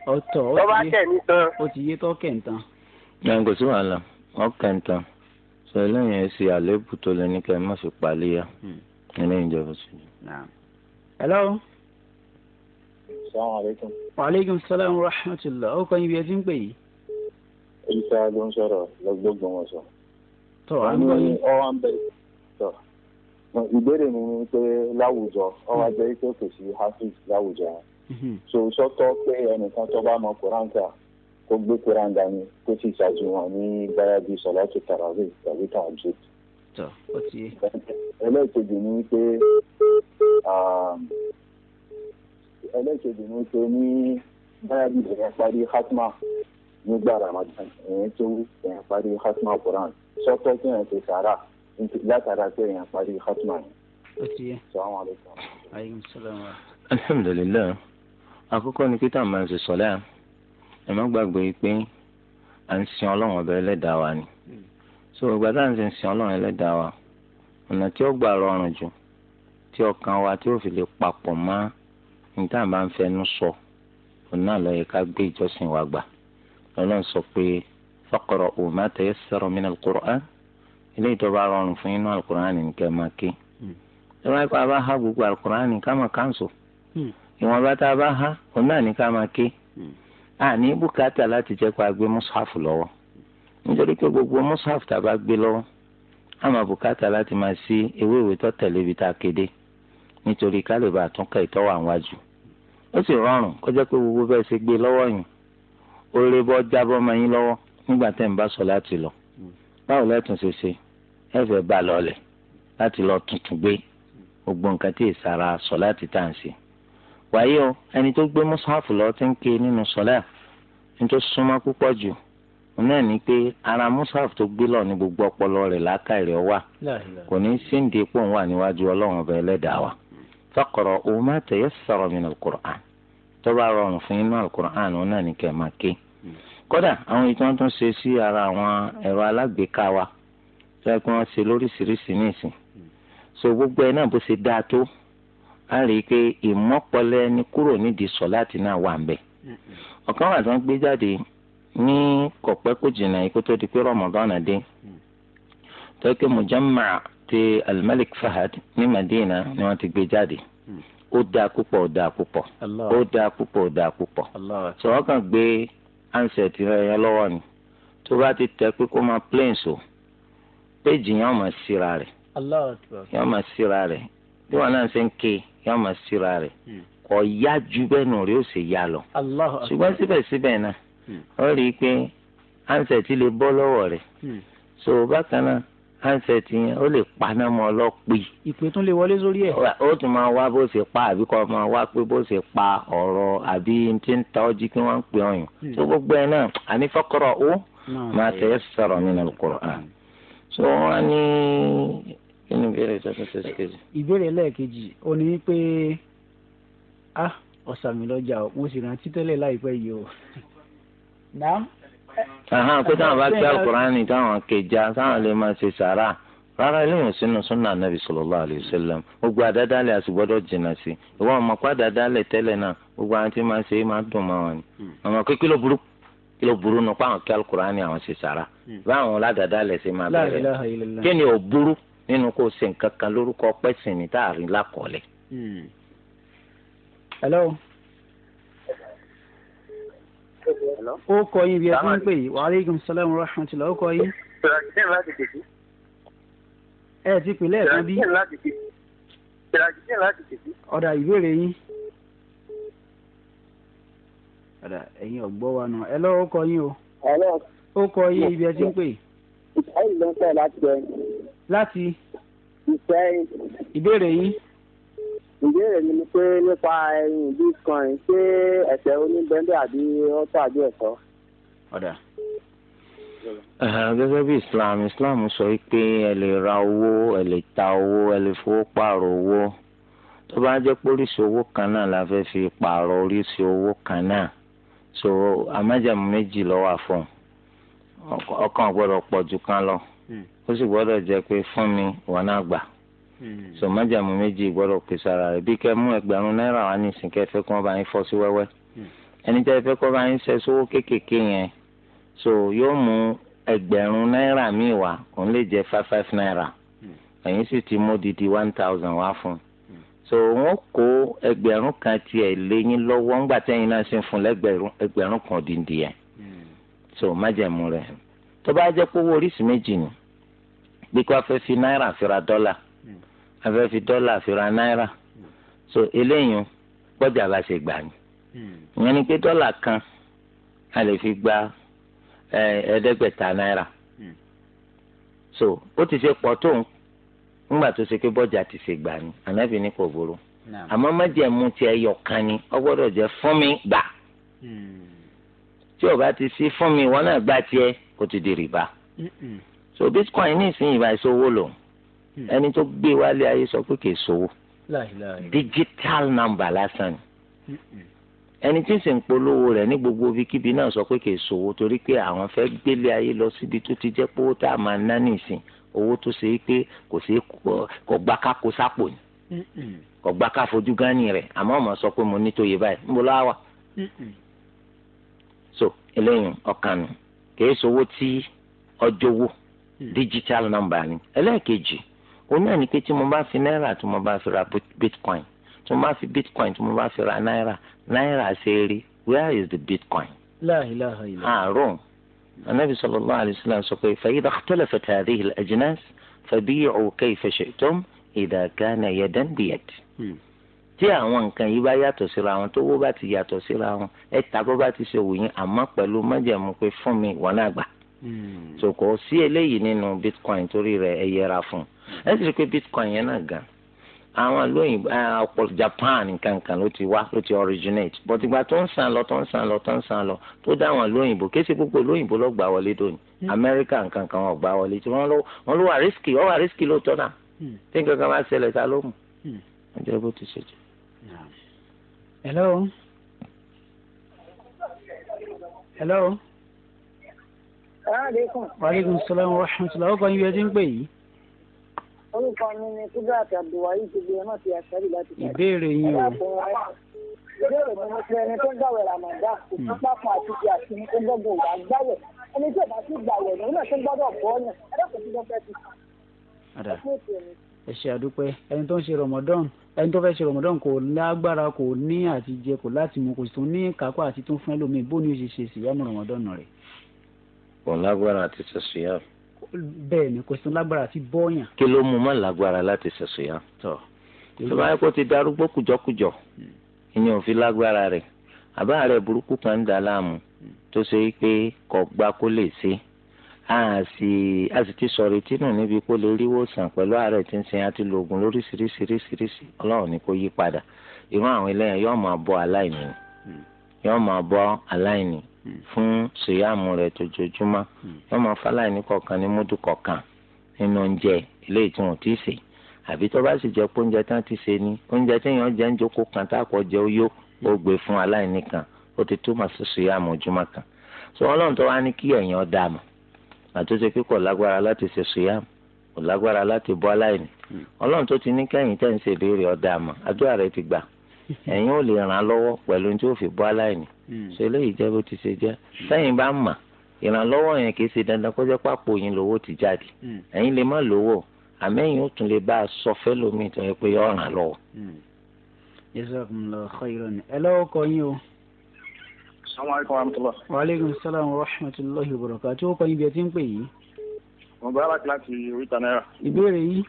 ó ti yé tó ó ti yé tó kẹ̀ ń tan sọ eléyìí ẹ ṣe àléébù tó lẹ ní kẹ ẹ má fi palẹ ya eléyìí jẹ fún mi. hello. salaamaleykum. waaleykum salaam wa rahmatulah ó kọ́ ibi ẹ ti ń pè yìí. isa ló ń sọ̀rọ̀ lọ́gbọ́gbọ́n wọn sọ. tọ́ a ń gbọ́ yín. ọwọ́ ń bẹ̀ tọ́ ìbéèrè mi ni pé láwùjọ ọwọ́ ajẹ́ pé kò sí hafiz láwùjọ hmm. so sọ́tọ̀ pé ẹnìkan tó bá mọ kóráǹkà kó gbé koran dání kó sì ṣàjùwọ̀n ní gbáradì sọ̀láṣù tàràwé tàbí tààjú. ẹlẹ́ẹ̀kejì ni pé ẹlẹ́ẹ̀kejì ni pé ní gbáradì èèyàn parí hatma nígbà ramadan èèyàn tó èèyàn parí hatma koran sọ́tọ̀ kí èèyàn ti sàrà látara pé èèyàn parí hatma yẹn. salaamaleykum. alhamdulilayi àkọ́kọ́ ni peter manzi sọlá ẹ má gbàgbé pé à ń sin ọlọ́run ọbẹ̀ ẹlẹ́dàá wa ni so ìgbà tá à ń sin sin ọlọ́run ẹlẹ́dàá wa ọ̀nà tí ó gbà rọrùn jù tí ọkàn wa tí ó fi lè papọ̀ mọ́ níta bá ń fẹnu sọ òun náà ló yẹ ká gbé ìjọsìn wa gbà lọ́lọ́run sọ pé faqra'u ma tayassara min al-Qur'an ilé ìtọ́ba rọrùn fún inú al-Qur'an nìkẹ́ máa ké ẹ máa kọ́ ha gbogbo al-Qur'an ká máa kánṣó hmm. ìwọ̀nba tá a bá ha òun náà ní ká máa ké. Hmm àní bùkátà láti jẹ́ pé a gbé mùsàfù lọ́wọ́ nítorí pé gbogbo mùsàfù tá a bá gbé lọ́wọ́ àmọ́ bùkátà láti máa sí ewé ìwé tó tẹ̀lé ibi tá a kéde nítorí ká lè bá a tún kẹ́ ìtọ́wà wájú ó sì rọrùn kó jẹ́ pé gbogbo bẹ́ẹ̀ ṣe gbé lọ́wọ́ yìí ó lè bọ́ jábọ́ mọ́ yín lọ́wọ́ nígbà tẹ́ ń bá sọ láti lọ báwo lẹ́tùn ṣe ṣe ẹ fẹ́ bá lọ láti lọ tuntun gbé gbogbo nǹkan tí ìsara sọ láti tà wàyí o ẹni tó gbé mùsàáfù lọ ti ń ké nínú sọlá ní tó súnmọ́ púpọ̀ jù náà ni pé ara mùsàáfù tó gbé lọ ní gbogbo ọpọlọ rẹ̀ lákàrẹ ọwà kò ní sí ní ipò ń wà níwájú Ọlọ́run ọbẹ Ẹlẹ́dàá wa faqra'u ma tayassara min al-Qur'an tó bá rọrùn fún inú al-Qur'an òun náà ni kẹ́ máa ké kódà àwọn ìtàn tó ń ṣe sí ara àwọn ẹ̀rọ alágbèéká wa tó kí wọ́n ṣe lóríṣiríṣi ní so gbogbo ẹ náà bó ṣe dáa tó a rí i pé ìmọ́pọlẹ ni kúrò nídìí sọ náà wà ńbẹ̀. Mm-hmm. ọ̀kan wà tó ń gbé jáde ní kọ̀pẹ́ jìnnà yìí kó tó di pé dé mm-hmm. tọ́kẹ́ mujamma ti al Fahad ní Madina ni wọ́n ti gbé jáde mm-hmm. ó dáa púpọ̀ ó dáa púpọ̀ ó dáa púpọ̀ ó dáa púpọ̀ sọ wọ́n kàn gbé ansẹ̀tì rẹ̀ lọ́wọ́ ni tó bá ti tẹ pé kó máa o péjì yẹn ọmọ síra rẹ̀ yẹn ọmọ síra rẹ̀ bí wọn náà ṣe ń ké yóò máa síra rẹ̀ hmm. kò yá ju bẹ́ẹ̀ nù rí ó sì yá lọ. ṣùgbọ́n síbẹ̀síbẹ̀ náà hmm. ó rí i pé handset lè bọ́ lọ́wọ́ rẹ̀ hmm. so bákan náà handset yẹn ó lè paná mọ́ ọlọ́pì. ìpè tún lè wọlé sórí ẹ̀. ó tún máa wá bó ṣe pa àbí kò máa wá pé bó ṣe pa ọ̀rọ̀ àbí tí ń ta ọjí kí wọ́n ń pè ọyàn. tó gbogbo ẹ̀ náà àní ó máa tẹ̀yẹ́ sọ̀rọ̀ nínú Al-Qur'an. so wọ́n ní kí ni ìbéèrè tó tún kejì. ìbéèrè lẹ́ẹ̀kejì ó ní pé a ah, ọ̀sàmì lọ́jà mo sì rántí tẹ́lẹ̀ láìpẹ́ yìí o. àhán pé táwọn bá gbé alukurani táwọn kejá táwọn lè máa ṣe sàrà rárá eléyìí sínú súnà nàbì sallallahu alayhi wa sallam gbogbo àdádálẹ àsìgbọdọ jìnnà sí ìwọ ọmọ kó àdádálẹ tẹ́lẹ̀ náà gbogbo àwọn tí máa ń ṣe é máa dùn mọ́ wọn ni hmm. ọmọ kékeré ló burú kí ló burú nu pa àwọn kí alukurani àwọn ṣe sàrà hmm. báwọn ládàádálẹ ṣe máa bẹ̀rẹ̀ kí ni ò burú nínú kó o ṣe nǹkan kan lórúkọ pẹ̀sìn ní táàrin lákọọ́lẹ̀. Hmm. hello. ó kọ yín bí ẹ ti ń yìí wa alaikum salaam wa rahmatullah ó kọ yín. ẹ ti pèlè ẹ̀kan bí. ọ̀dà ìbéèrè yín. ọ̀dà ẹ̀yin ọ̀gbọ́ wa nù ẹ ó kọ yín o. ó kọ yín ibi ẹ ti ń pè láti. ìfẹ́ ìbéèrè yín. ìbéèrè mi ni pé nípa ẹyin bitcoin ṣé ẹ̀sẹ̀ oníbẹ̀ǹdẹ̀ àbí ọ̀tọ̀ àbí ẹ̀tọ́. ọ̀dà gẹ́gẹ́ bí islam islam sọ pé ẹ lè ra owó ẹ lè ta owó ẹ lè fowó pààrọ̀ owó tó bá jẹ́ pólísì owó kan náà la fẹ́ fi pààrọ̀ oríṣi owó kan náà so amájàmú méjì ló wà fún ọ̀kan gbọ́dọ̀ pọ̀ ju kan lọ ó sì gbọ́dọ̀ jẹ́ pé fún mi wọn náà gbà hmm. sọmọjàmù méjì gbọ́dọ̀ pèsè ara rẹ̀ bí kẹ́ mú ẹgbẹ̀rún náírà wá ní ìsìn kẹfẹ́ kí bá yín fọ́ sí wẹ́wẹ́ hmm. ẹni tẹ́ fẹ́ kọ́ bá yín ṣe sówó kéékèèké yẹn so yóò mú ẹgbẹ̀rún náírà míì wá òun lè jẹ́ five five náírà hmm. ẹ̀yin sì ti mú didi one thousand wá fún un so wọn kó ẹgbẹ̀rún kan tiẹ̀ léyìn lọ́wọ́ ńgbà tẹ́yìn náà ṣe ń fún lẹ́gbẹ̀rún ẹgbẹ̀rún kan díndín so májẹ̀mú rẹ̀ tó bá jẹ́ pé owó oríṣi méjì ni bí kò afẹ́ fi náírà fira dọ́là hmm. afẹ́ fi dọ́là fira náírà hmm. so eléyìí bọ́jà bá ṣe gbà ní. Hmm. ìyẹn ni pé dọ́là kan a lè fi gba ẹ̀ẹ́dẹ́gbẹ̀ta náírà so ó ti ṣe pọ̀ tó ńgbà tó ṣe pé bọ́jà ti ṣe gbà ní ànábì ní kò burú àmọ́ májẹ̀mú tiẹ̀ yọ kan ni ó gbọ́dọ̀ jẹ́ fún mi gbà tí o bá ti sí fún mi wọn náà gbà tiẹ̀ kó ti di rìbá so bitcoin ní ìsinyìí báyìí sówó lò hmm. ẹni tó gbé wálé ayé sọ pé kì í sówó digital number lásán ni hmm, hmm. ẹni tí ń sì ń polówó rẹ̀ ní gbogbo ibikíbi náà sọ pé kì í sówó torí pé àwọn fẹ́ gbélé ayé lọ síbi tó ti jẹ́ pé owó tá a máa ná nìsín owó tó ṣe é pé kò ṣe kò gbá ká kó sápò ni kò gbá ká fojú gánì rẹ̀ àmọ́ ọmọ sọ pé mo ní tó yẹ báyìí ń bọ́ láwà. so eléyìí ọkàn nù kì í sówó tí ọjọ́ wò. Hmm. digital number ni ẹlẹ́ẹ̀kejì òun náà ni pé tí mo bá fi náírà tí mo bá fi ra bitcoin tí mo bá fi bitcoin tí mo bá fi ra náírà náírà ṣe rí where is the bitcoin. láàhìláhà ilẹ̀. àárọ̀ anabi sallallahu alayhi wa sallam sọ pé fa idha ikhtalafat hadhihi al-ajnas fabi'u kayfa shi'tum idha kana yadan biyad hmm. tí àwọn nǹkan yìí bá yàtọ̀ síra wọn tówó bá ti yàtọ̀ síra wọn ẹ ta bá ti ṣe wù yín àmọ́ pẹ̀lú májẹ̀mú pé fún mi wọ́n náà gbà. Hmm. so kò sí eléyìí nínú bitcoin torí rẹ̀ ẹ yẹra fún ẹ sì rí i pé bitcoin yẹn náà gan àwọn lóyìnbó ọ̀pọ̀ Japan kankan ló ti wá ló ti originate but ìgbà tó ń sàn lọ tó ń sàn lọ tó ń sàn lọ tó dá àwọn lóyìnbó kí ṣe gbogbo lóyìnbó ló gbà wọlé dòní hmm. Amẹ́ríkà kankan wọn gbà wọlé tí wọ́n lọ wọ́n lọ wà risky wọ́n wà risky lóòótọ́ náà hmm. tí nǹkan kan bá ṣẹlẹ̀ ta ló mú ọjọ́ bó ti ṣe jù. hello hello wàhálà sàlámù rahmatulah ọkọ yín bí ẹ ti ń pè yìí. orúkọ mi ni kudrat abdulwayi gbogbo ẹ náà ti àṣàlù láti ṣe. ìbéèrè yín o. ìbéèrè mi ni pé ẹni tó ń gbàwẹ̀ ramadan kò tún hmm. pápá àtúnṣe àti ní tó gbọ́dọ̀ wà gbàwẹ̀ ẹni tí ò bá tún gbàwẹ̀ ní náà tó gbọ́dọ̀ bọ́ ọ̀nà ẹ̀dọ́kùn tó fẹ́ ti. ẹ ṣe àdúpẹ́ ẹni tó ń ṣe ramadan ẹni tó fẹ́ ṣe rọmọdán kò lágbára kò ní àti jẹ kò láti mú kò tún ní kápá àti tún fún ẹlòmíì bó ni ó ṣe ṣe síyámù rọmọdán rẹ̀ kò ń lágbára àti ṣẹṣù yá. bẹ́ẹ̀ ni kò sí lágbára àti bọ́ọ̀yàn. kí ló mú má lágbára láti ṣẹṣù yá. tó tó bá yẹ kó ti darúgbó kùjọkùjọ ìyẹn ò fi lágbára rẹ̀ àbá rẹ̀ burúkú kan ń da láàmú tó ṣe pé kò gbà kó lè ṣe a sì ti sọ̀rọ̀ tínú níbi kó lè rí wòsàn pẹ̀lú àárẹ̀ tí ń sin àti lògùn lóríṣiríṣiríṣiríṣi ọlọ́run ni kó yí padà ìran àwọn eléyàn yóò máa bọ́ aláìní. yóò máa bọ́ aláìní hmm. fún sèyáàmù rẹ tójoojúmọ́ hmm. yóò máa fáláìní kọ̀ọ̀kan ní múdù kọ̀ọ̀kan nínú oúnjẹ eléyìí tí wọ́n ti sè àbí tó bá sì jẹ́ pé oúnjẹ tán ti se ni oúnjẹ tí èèyàn jẹ́ ń kan tá àpọ̀ ó yó hmm. fún aláìní kan ó ti túmọ̀ sí kan sọ ọlọ́run tó wá ní kí èèyàn dà mọ́ àtúnṣe lágbára láti ṣe kò lágbára láti bọ́ aláìní ọlọ́run tó ti ní kẹ́yìn ń ọ̀dà ti gbà ẹ̀yin ò lè ràn án lọ́wọ́ pẹ̀lú tí ó fi bọ́ aláìní ṣe hmm. eléyìí jẹ́ bó ti ṣe jẹ́ sẹ́yìn hmm. bá mà ìrànlọ́wọ́ yẹn kì ṣe dandan kó jẹ́ yín lówó ti jáde hmm. ẹ̀yin lè má lówó àmẹ́yìn ó tún lè bá a sọ fẹ́lòmíì tó yẹ pé yọ ràn án lọ́wọ́. ẹ lọ́wọ́ kọ yín o. salaamaleykum wa rahmatulah. ti ń pè mo bá náírà. ìbéèrè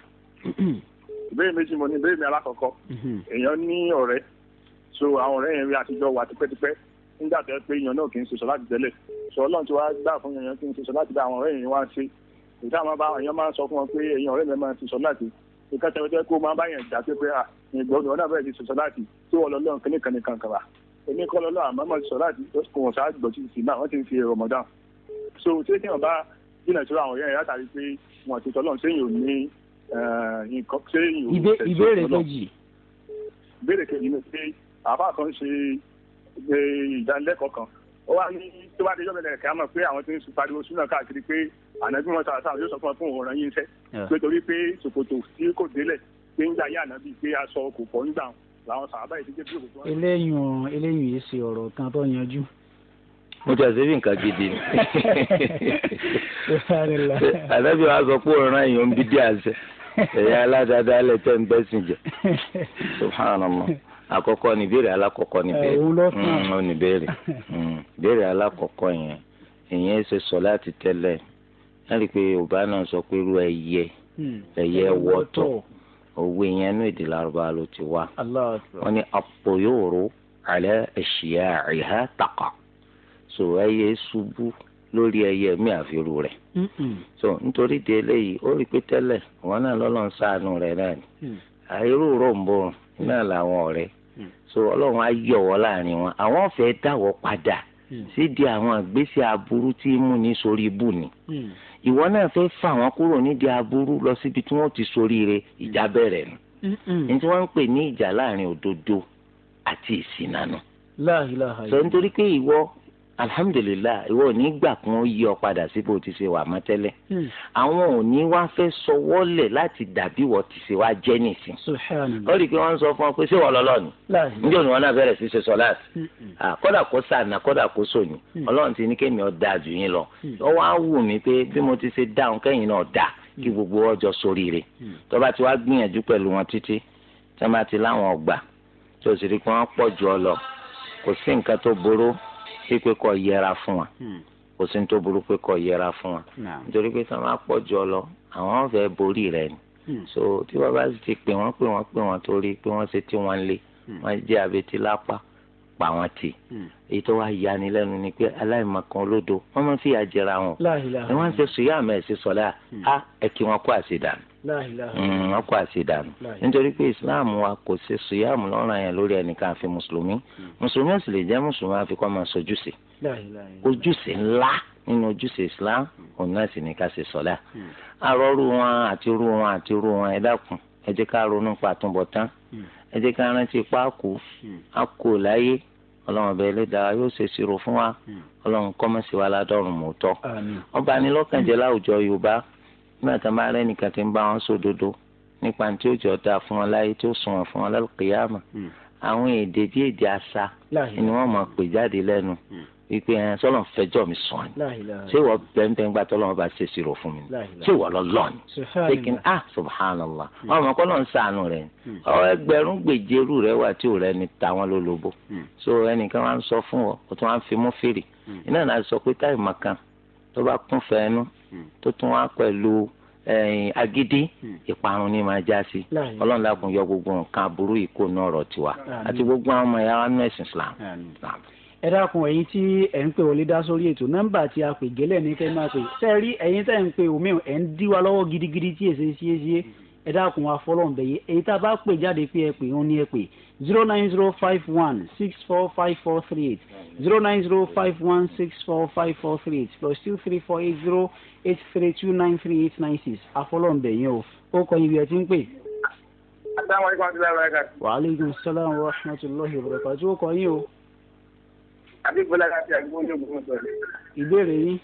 ìbéèrè méjì mo ní ìbéèrè mi alákọ̀ọ́kọ́ mhm. èèyàn ní ọ̀rẹ́ so àwọn ọ̀rẹ́ yẹn rí àtijọ́ wà tipẹ́tipẹ́ nígbà tó yẹ pé èèyàn náà kì í ṣe sọ láti tẹ́lẹ̀ sọ ọlọ́run ti wá gbà fún èèyàn kì í ṣe sọ láti bá àwọn ọ̀rẹ́ yẹn wá ṣe ìta máa bá èèyàn máa ń sọ fún wọn pé èèyàn ọ̀rẹ́ mi máa ń ṣe sọ láti ìka tẹ̀wẹ́tẹ́ kó máa bá yẹn jà pé pé ìgbọ́n ọ̀nà bẹ́ẹ̀ ti ṣe sọ láti tí wọ́n lọ lọ́run kíníkan nìkan kàrà èmi kọ́ lọ́lọ́ àmọ́ mọ̀ sọ láti kò wọ́n sáà gbọ́ títí náà wọ́n ti ń fi èrò mọ̀dán so tí èèyàn bá jìnnà sí àwọn ọ̀rẹ́ yẹn látàrí pé wọ́n ti Eh, nǹkan ṣé yìí. ìbéèrè kejì. ìbéèrè kejì ni pé àbá kan ṣe ìdánilẹ́kọ̀ọ́ kan ó wá ní tó bá dé yọ̀bẹ̀ lẹ̀ kí a mọ̀ pé àwọn tí ń sun pariwo súnà káàkiri pé ànábì wọn sàrà sàrà yóò sọ fún ọ fún òun ràn yín iṣẹ́ nítorí pé ṣòkòtò tí kò délẹ̀ pé ń gbàyà ànábì pé aṣọ kò pọ̀ ń gbà làwọn sàábà yìí ti jẹ́ bí òkú. eléyìí eléyìí yìí ṣe ọ̀rọ̀ kan tó yanjú. mo ti àṣẹ bí nǹkan gidi ni ànábì wa sọ pé òun ràn yín ó ń bí dí àṣẹ. ẹ̀yà aládàáda lẹ tẹ́ ń jẹ subhanallah àkọ́kọ́ ni ìbéèrè alákọ̀ọ́kọ́ ni mm, mm, alakọkọ yẹn ìyẹn ṣe sọ láti tẹ́lẹ̀ láti pé yorùbá náà sọ pé irú ẹyẹ hmm. ẹyẹ wọ́tọ̀ èdè ló ti wá lórí ẹyẹ mi àfirú rẹ̀ so nítorí di eléyìí ó rí pé tẹ́lẹ̀ wọn náà lọ́lọ́ ń ṣàánú rẹ̀ náà ni mm. àìrú ròǹbòrùn náà mm. làwọn ọ̀rẹ́ mm. so ọlọ́run á yọ̀ wọ́ láàrin wọn àwọn fẹ́ dáwọ́ padà sídìí àwọn àgbésí aburú tí mú ní sórí ibù ni ìwọ náà fẹ́ fà wọ́n kúrò nídìí aburú lọ síbi tí wọ́n ti sórí rẹ̀ ìjà bẹ̀rẹ̀ nù ní tí wọ́n ń pè ní ìjà láàrin òdodo àti ìsìnànù. so nítorí pé ìwọ alhamdulilayi ìwọ ni ní gbà kí wọn yí ọ padà sí bó ti ṣe wà mọ́ tẹ́lẹ̀ hmm. àwọn ò ní wá fẹ́ sọwọ́lẹ̀ láti dàbí wọ ti ṣe wá jẹ́ nìsín ó rí i pé wọ́n sọ fún ọ pé ṣé wọ́n lọ́lọ́ ni níjọ́ ni wọ́n náà bẹ̀rẹ̀ sí ṣe sọ́láàtì hmm, hmm. kódà kó sànà kódà kó sòní ọlọ́run ti ní kémi ọ̀ dáa jù yín lọ ó wá wù mí pé bí mo ti ṣe dáhùn kẹ́yìn náà dáa kí gbogbo ọjọ́ sóríire tó bá ti wá gbìyànjú pẹ̀lú wọn títí tí wọ́n bá ti láwọn ọgbà tó sì rí i pé wọ́n pé kó yẹra fún wa hmm. kò sí tó burú pé kó yẹra fún wa nítorí pé sọ́n pọ̀ jù ọ lọ àwọn fẹ́ borí rẹ ni hmm. so tí wọ́n bá ti pè wọ́n pè wọ́n pè wọ́n torí pé wọ́n ṣe tí wọ́n lé hmm. wọ́n jẹ́ abetí lápá pa wọn tì èyí tó wá yani lẹ́nu ni pé aláìmọ̀kan olódo wọ́n máa fi àjẹra wọn ni wọ́n ń ṣe sùúyà mẹ́ẹ̀ẹ́sì sọ́lá a ah, ẹ̀kí wọn kó àṣìdànù. Mm, ọkọ àṣedànù nítorí pé islam wa kò ṣe sùyàmù lọ́ràn yẹn lórí ẹnìkan àfi mùsùlùmí mm. mùsùlùmí ò sì lè jẹ́ mùsùlùmí àfi kó máa sojúṣe ojúṣe ńlá nínú ojúṣe islam mm. òun náà sì ní ká ṣe sọlá arọrù wọn àti rú wọn àti rú wọn ẹ dákun ẹ jẹ́ ká ronú pa àtúbọ̀tán ẹ jẹ́ ká rántí páàkó àkó láyé ọlọ́run ọbẹ̀ ẹlẹ́dàá yóò ṣe ṣírò fún wa ọlọ́run kọ́mọ̀sí wa ládọ́rùn mọ́tọ́ ọba ni lọ́kànjẹ́ láwùjọ yorùbá nígbà tí wọ́n bá rẹ́ nìkan ti ń bá wọn sòdodo nípa tí ó jọ da fún wọn láyé tí ó sùn wọn fún wọn lálùkìyàmà hmm. àwọn èdè bí èdè àṣà ni wọ́n máa pè jáde lẹ́nu hmm. wípé ẹ sọlọ fẹjọ́ mi sùn ni ṣé wọ́n bẹ́ẹ̀nbẹ́ẹ́ gbà tọ́lọ́ wọn bá ṣe ṣírò fún mi ṣé wọ́n lọ lọ ni ṣèkìn ah subhanallah wọn hmm. mọ̀ kọ́ lọ́n sànù rẹ̀ ni ẹgbẹ̀rún gbèjérù rẹ̀ wà tí ò rẹ̀ ni tàwọn ló lobo so ẹnìkan wá sọ fún ọ o tún wá fi mú fèrè iná náà sọ pé táyì màkàn tó bá kún fẹ́ẹ́nu hmm. tó tún wá pẹ̀lú agídí hmm. ìparun ní máa já sí ọlọ́run lákùn yọ gbogbo nǹkan aburú ìkó náà rọ̀ tiwa àti gbogbo àwọn ọmọ ìyá wa nú ẹ̀sìn Islam ẹ dákun ẹ̀yin tí ẹ ń pè wọlé dá sórí ètò nọ́mbà tí a pè gẹ́lẹ́ ní kẹ́ máa pè sẹ́ẹ̀rí ẹ̀yin tẹ́ ń pè omi ẹ̀ ń dí wa gidigidi tí èsì ṣíṣe ẹ dákun wa fọlọ́n bẹ̀yẹ èyí tá a bá pè jáde pé ẹ pè ó ní ẹ pè zero nine zero five one six four five four three eight zero nine zero five one six four five four three eight plus two three four eight zero eight three two nine three eight nine six àfọlọ́n bẹ̀yẹ o ó kọ ibi ẹ ti ń pè. asalaamualeykum wa rahmatulahi wa barakatuh. wa aleykum salaam wa rahmatulahi wa barakatuh ó kọ yín o. àbíkúlá láti àgbóńdó gbogbo sọ̀rọ̀. ìbéèrè yín.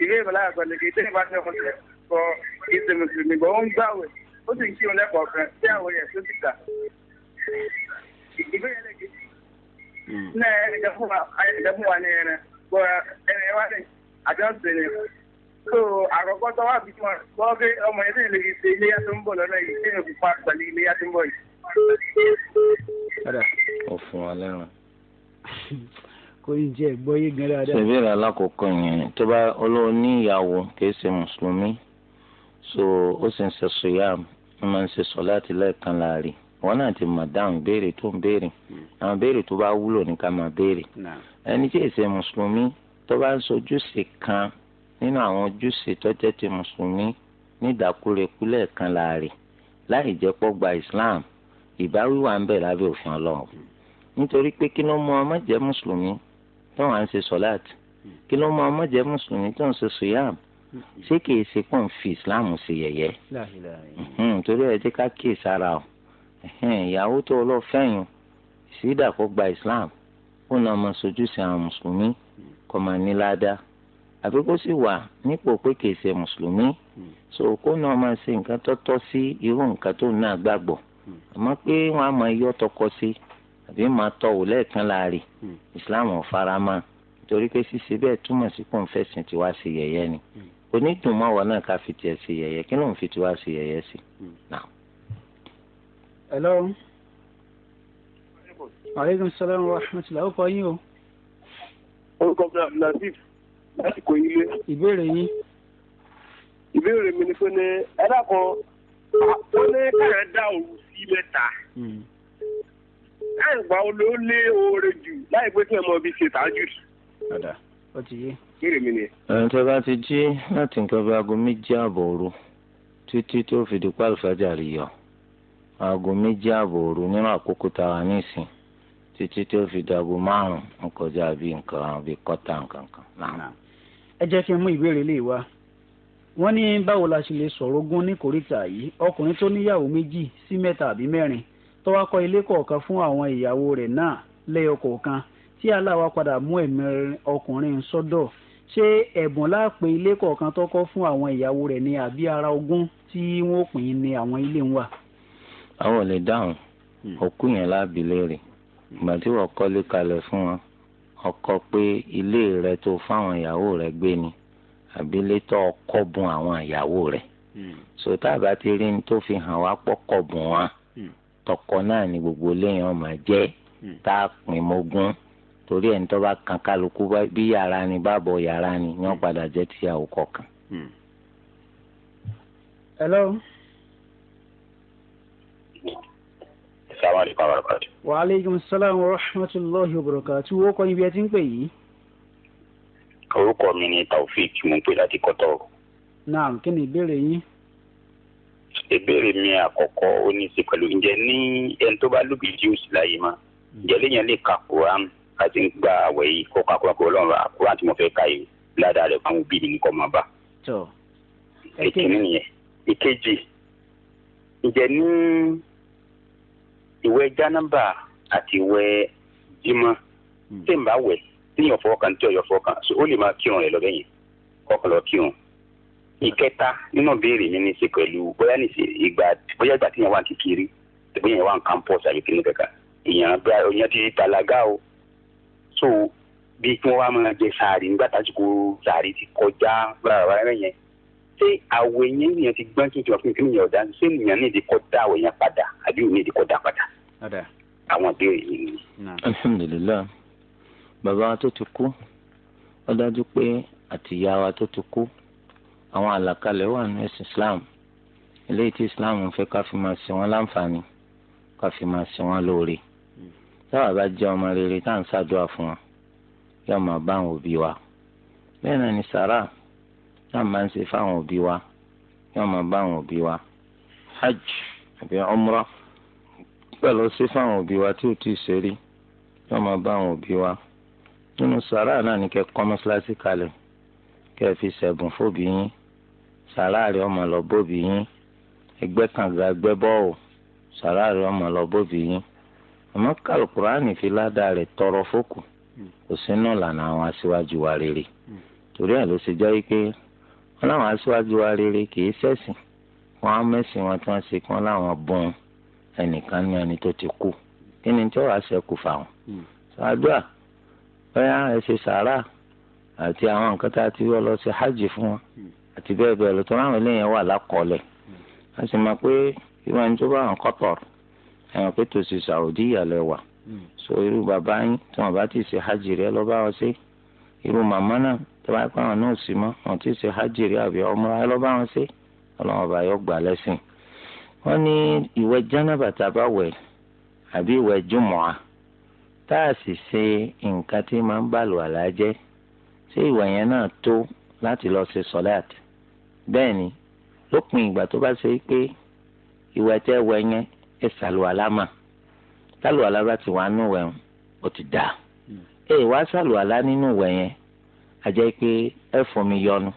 ìbéèrè láàgbọ̀n lè kí tẹ́lifásẹ̀ ọ̀hún kan kì í ṣe mùsùlùmí bọ́ ó ń gbàwẹ̀ ó sì ń kí òun lẹ́kọ̀ọ́ kan sí àwọn yẹn tó ti gbà. ìgbéyàwó lè kejì. Hmm. náà ẹni jẹ fún wa ẹni jẹ fún wa ní ẹran bọ ẹni wá ní àjọṣe ni. so àkọ́kọ́ tó wà wọn gbọ́ pé ọmọ yẹn sì lè ṣe iléyà tó ń bọ̀ lọ́nà yìí kí èèyàn pupa pẹ̀lú iléyà tó ń bọ̀ yìí. ọ̀fun alẹ́ ràn yẹn tó bá olóò ìyàwó kì í ṣe mùsùlùmí so ó sì ń ṣe sòyàm ó máa ń ṣe sọ láti lẹ́ẹ̀kan láàrin wọn náà ti mọ̀ dáhùn béèrè tó ń béèrè àwọn béèrè tó bá wúlò ní ká máa béèrè ẹni tí èsè mùsùlùmí tó bá ń sojúṣe kan nínú àwọn ojúṣe tó jẹ́ ti mùsùlùmí nídàkúrekú lẹ́ẹ̀kan láàrin láì jẹ́ pọ́ gba Islam ìbáwí wà ń bẹ̀ lábẹ́ òfin Ọlọ́run nítorí pé kí ló mú ọmọ jẹ́ mùsùlùmí tó wà ń ṣe sọ́láàtì kí ló mú ọmọ jẹ́ mùsùlùmí tó ń ṣe sùyàmù ṣé kìí ṣe pọ̀ ń fi islam ṣe yẹ̀yẹ́ torí ẹ jẹ́ ká kíyè sára o ìyàwó tó lọ fẹ́yìn sídà kó gba islam ó náà máa sojú sí àwọn mùsùlùmí kó máa ní ládàá àfi kó sì wà nípò pé kìí ṣe mùsùlùmí so kó náà máa ṣe nǹkan tó tọ́ sí irú nǹkan tó náà gbàgbọ́ àmọ́ pé wọ́n á máa yọ́ tọkọ sí àbí máa tọ̀ wò lẹ́ẹ̀kan láàrin islam ò fara mọ́ torí pé ṣíṣe bẹ́ẹ̀ túmọ̀ sí pòǹfẹ́sìn tiwa sí yẹ̀yẹ́ ni kò ní tún mọ́ wọn náà ká fi tiẹ̀ ṣe yẹ̀yẹ́ kí ló ń fi tiwa ṣe yẹ̀yẹ́ sí. Hmm. hello. aleykum salaam wa rahmatulah ó kọ yín o. orúkọ mi abdulaziz láti kò ilé. ìbéèrè yín. ìbéèrè mi ni pé ní ẹ̀dá kan ó ní kéèyàn dá òru sí mẹ́ta. Hmm. láì gbà ó lé oore jù láì pé kí ẹ mọ ibi ṣe tàájú ó ti yé. béèrè mi nìyẹn. ẹ̀yin tó bá ti jí láti nǹkan bí aago méjì ààbọ̀ òru títí tó fi di pàlùfájà rí yọ aago méjì ààbọ̀ òru nínú àkókò tá a wà nísìn títí tó fi di aago márùn-ún kọjá bí nǹkan bí kọ́tà nǹkan ẹ jẹ́ kí n mú ìbéèrè lè wá wọ́n ní báwo la ṣe lè sọ̀rọ̀ ogún ní kòríta yìí ọkùnrin tó níyàwó méjì sí mẹ́ta àbí mẹ́rin tó wá kọ́ ilé kọ̀ọ̀kan fún àwọn ìyàwó rẹ̀ náà lẹ́yọ tí aláwa padà mú ẹ̀mí ọkùnrin sọ́dọ̀ ṣé ẹ̀bùn láàpẹ̀ ilé kọ̀ọ̀kan tọ́kọ́ fún àwọn ìyàwó rẹ̀ ni àbí ara ogún tí wọ́n pín ní àwọn ilé ń wà. àwọn ò lè dáhùn hmm. òkú yẹn láàbì léèrè ìgbà tí wọ́n kọ́lé kalẹ̀ fún wọn ọkọ pé ilé rẹ tó fáwọn ìyàwó rẹ gbé ni àbí létọ́ ọkọ bùn àwọn ìyàwó rẹ hmm. sòtá àbá ti rí ní tó fi hàn wá pọ́kọ̀ bùn wọn hmm. tọkọ náà ni gbogbo léèyàn máa jẹ́ tá a pín mọ́gún. Mm torí ẹni tó bá kan kálukú bí yàrá ni báàbọ̀ yàrá ni ni wọ́n hmm. padà jẹ́ tíyàwó kọ̀ọ̀kan. Hmm. hello. sàmàlì kan wàlúù kàdé. wa aleykum salaam wa rahmatulahi wa barakatuh wo kọ́ ibi ẹ ti ń pè yìí. orúkọ mi ni taofik mo ń pè láti kọ́tọ́. naam kí ni ìbéèrè yín. ìbéèrè mi àkọ́kọ́ ó ní í ṣe pẹ̀lú ǹjẹ́ ní ẹni tó bá lùbí jíùsì láyé mọ́ hmm. ǹjẹ́ léèyàn lè ka quran láti ń gba àwẹ̀ yìí kó kakura kó lọ́rùn ra kó láti mọ̀ fẹ́ ka yìí ládàá rẹ̀ fáwọn òbí nìkan máa bá. ìkíní nìyẹn ìkejì ǹjẹ́ ní ìwẹ̀ jánábà àti ìwẹ̀ jímọ̀ hmm. tí n bá wẹ̀ níyàn fọwọ́ kan tí ọ̀yọ́ fọwọ́ kan ó lè máa kírun rẹ̀ lọ́bẹ̀ yẹn kọ́kàn lọ kírun. ìkẹta nínú béèrè mi ní ṣe pẹ̀lú bóyá ní ìgbà bóyá ìgbà tí yẹn wà kékeré bóyá yẹn wà ń campus àbí kíní kẹ̀kẹ́ èèyàn bí ti talaga o so bí kí wọ́n wá máa jẹ sàárì nígbà tásìkò sàárì ti kọjá bàbá yẹn ṣé àwọ̀ yẹn yẹn ti gbọ́n kí n ti wà fún kí nìyẹn ọ̀dà ṣé nìyẹn ní ìdí kọjá àwọ̀ yẹn padà àbí òní ìdí kọjá padà. àwọn ìbéèrè yìí ni. alhamdulilayi bàbá wa tó ti kú ó dájú pé àtìyá wa tó ti kú àwọn àlàkalẹ̀ wà ní ẹ̀sìn islam eléyìí tí islam fẹ́ ká fi máa ṣe wọ́n láǹfààní ká fi máa ṣe wọ́n lóore táwa bá jẹ́ ọmọ rere tá à ń ṣàdúrà fún wọn yóò máa bá àwọn òbí wa bẹ́ẹ̀ náà ni sàrà tá à máa ń ṣe fáwọn òbí wa yóò máa bá àwọn òbí wa hajj àbí umra pẹ̀lú ṣe fáwọn òbí wa tí ò tí ì ṣe rí yóò máa bá àwọn òbí wa nínú sàrà náà ni kẹ́ kọ́ mọ́ṣáláṣí kalẹ̀ kẹ́ fi ṣẹ̀bùn fòbí yín sàrà rẹ̀ ọmọ lọ bóbí yín ẹgbẹ́ kànga ẹgbẹ́ bọ́ọ̀ sàrà rẹ̀ ọmọ lọ bóbí yín àmọ́ kàlùkùránì fi ládàá rẹ̀ tọrọ fókù kò sínú ìlànà àwọn aṣíwájú wa rere torí ẹ̀ ló ṣe jẹ́ pé wọ́n láwọn aṣíwájú wa rere kì í wọ́n á mẹ́sìn wọn tí wọ́n ṣe kí wọ́n láwọn bọ́n ẹnìkan ní ẹni tó ti kú kí ni tí wàá ṣẹ́kù fáwọn. sàdúà bóyá ẹ ṣe sàárà àti àwọn nǹkan tá a ti yọ lọ sí hajj fún wọn àti bẹ́ẹ̀ bẹ́ẹ̀ lọ tó láwọn eléyìí wà lákọọ́lẹ̀ a sì mọ̀ pé ìwọ̀n tó bá wọn kọ́tọ̀rọ̀ ẹ̀wọ̀n pé tòsí Saudi ìyàlẹ̀ wà hmm. so irú bàbá yín tí wọ́n bá ti ṣe hajj rẹ lọ́ bá wọn ṣe irú màmá náà tí wọ́n pa àwọn náà sí mọ́ wọ́n ti ṣe hajj rẹ àbí ọmọ ẹ lọ́ bá wọn ṣe ọlọ́run ọba yóò gbà lẹ́sìn. wọ́n ní ìwẹ̀ jánábà tá a bá wẹ̀ àbí ìwẹ̀ jùmọ̀á tá a sì ṣe nǹkan tí máa ń bàlù àlájẹ́ ṣé ìwẹ̀ yẹn náà tó láti lọ ṣe sọ́láàt bẹ́ẹ̀ ni lópin ìgbà tó bá ṣe pé ìwẹ̀ tẹ́ wẹ̀ yẹn ẹ ṣàlùwàlá mà ṣàlùwàlá bá ti wà nù wẹ̀ ó ti dà hmm. ẹ wá ṣàlùwàlá nínú wẹ̀ yẹn a jẹ́ pé ẹ fomi yọnu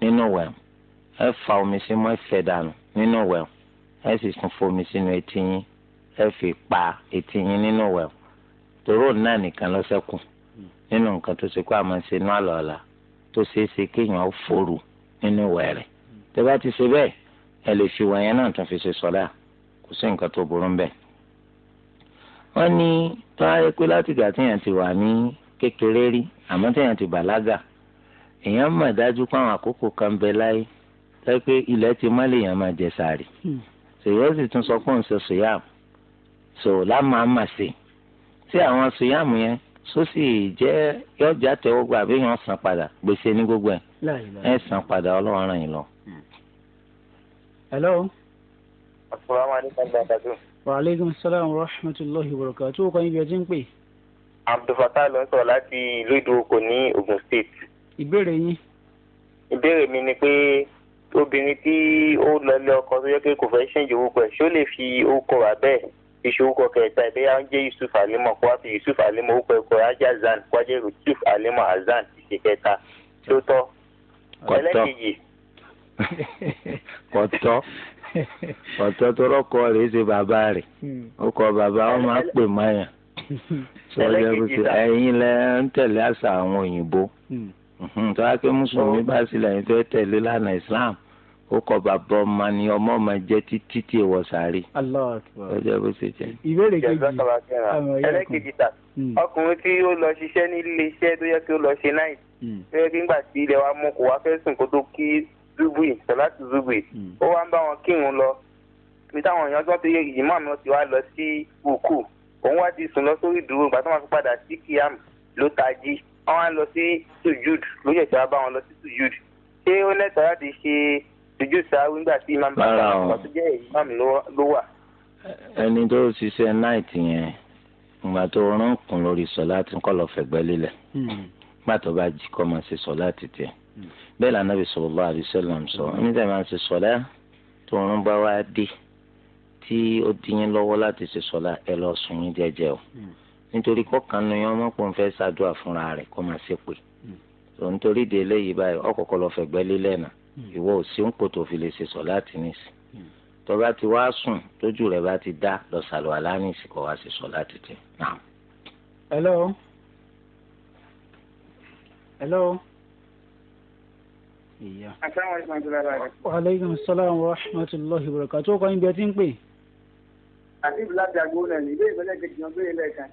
nínú wẹ̀ ẹ fa omi sí mọ́ ẹ fẹ̀ dànù nínú wẹ̀ ẹ sì tún fomi sínú etí yín ẹ fi pa etí yín nínú wẹ̀ tòró náà nìkan ló ṣẹ́kù nínú nǹkan tó ṣe kó àmọ́ ṣe inú àlọ́ tó ṣeé ṣe kéèyàn ó fòrò nínú wẹ̀ rẹ̀ tẹ́ bá ti ṣe bẹ́ẹ̀ ẹ lè fi wọ̀nyẹn náà tún fi ṣe sọ́dà kò sí nǹkan tó burú bẹ́ẹ̀. wọ́n ní tó á yẹ pé láti ìgbà téèyàn ti wà ní kékeré rí àmọ́ téèyàn ti bàlágà èèyàn mọ̀ dájú pé àwọn àkókò kan bẹ láyé tẹ́ pé ilẹ̀ ti má lèèyàn máa jẹ sàárì hmm. sèyàn sì tún sọ pé òun ṣe sòyàmù sò lámàmà sí tí àwọn sòyàmù yẹn só sì jẹ́ yọjà tẹ́wọ́gbà àbí yẹn san padà gbèsè ní gbogbo ẹ̀ ẹ̀ san padà ọlọ́run ràn lọ. hello wàhálẹ́gùn sálàmù rahmatulahi wàrúkà tó o kàn níbi ẹtí ń pè. abdulfatah ló ń sọ̀rọ̀ láti ìlú ìdúrókò ní ogun state. ìbéèrè yín. ìbéèrè mi ni pé obìnrin tí ó lọlé ọkọ tó yẹ kí kò fẹ́ ṣèǹjì orúkọ ẹ̀ ṣó lè fi orúkọ rà bẹ́ẹ̀ iṣu orúkọ kẹta ìbéyà ń jẹ́ yusuf alimọ̀ kó wá fi yusuf alimọ̀ orúkọ ẹ̀kọ́ ajá zan kó wá jẹ́ yusuf alimọ̀ azan ìṣe kẹta tó tọ́. kọ́tọ́ kọ́tọ́. ọ̀tọ̀ tó rọ́kọ rẹ̀ ṣe bàbá rẹ̀ ó hmm. kọ bàbá wọn máa pè máyà sọjọ́ bí ṣe ẹ̀yin lẹ ń tẹ̀lé àṣà àwọn òyìnbó hmm. Hmm, tó wá pé mùsùlùmí bá sílẹ̀ yín fẹ́ tẹ̀lé lánàá Islam ó kọ bàbá ọmọ ni ọmọ ọmọ jẹ́ títí tí ìwọ sáré sọjọ́ bí ṣe jẹ́. ìbéèrè kejì ẹlẹ́kejì ta ọkùnrin tí ó lọ ṣiṣẹ́ nílé iṣẹ́ tó yẹ kí ó lọ ṣe náà tó yẹ kí ńgbà tí ilẹ̀ wa mú kó wá fẹ́ sùn kó tó kí zugui sọláàtì zugui hmm. ó wá ń bá wọn kírun lọ ibi táwọn èèyàn tó ń pe ìmọ̀ àmì ti wá lọ sí òkú òun wá ti sùn lọ sórí ìdúró ìgbà tó máa fi padà sí kíám ló tají wọn á lọ sí sujud ló yẹ kí wọn bá wọn lọ sí sujud ṣé ó lẹ́tọ̀ọ́ láti ṣe sujud sáwí nígbà tí imam bá wà tó jẹ́ imam ló wà. ẹni tó ṣiṣẹ́ náìtì yẹn ìgbà tó rán kùn lórí sọ láti kọ́ lọ fẹ̀gbẹ́ lélẹ̀ pàtó hmm. bá jí kọ́ máa ṣe sọ láti tiẹ̀ bẹ́ẹ̀ lànà bí sallallahu alaihi wasallam sọ onídàá máa ń ṣe sọlá tó ń bá wa dé tí ó di yín lọ́wọ́ láti ṣe sọlá ẹ lọ sùn yín jẹ́jẹ́ o hmm. nítorí kọ́kàn ni ọmọ pọ̀ ń fẹ́ ṣàdúrà fúnra rẹ̀ kó máa ṣe pé tòun hmm. torí de eléyìí báyìí ọkọ̀ọ̀kọ̀ lọ fẹ̀gbẹ́ lílẹ̀ náà hmm. ìwọ ò sí ń kò tó fi lè ṣe sọlá tì nísì tó ti wá sùn tójú rẹ̀ bá ti dá lọ hello aleykum salaam wa rahmatulahi wa barakatuh ọkọ yín bí ẹ ti ń pè. àti ìbílájà gbóná ní ilé ìgbẹ́lẹ̀ kejì náà gbére lẹ́ẹ̀kan.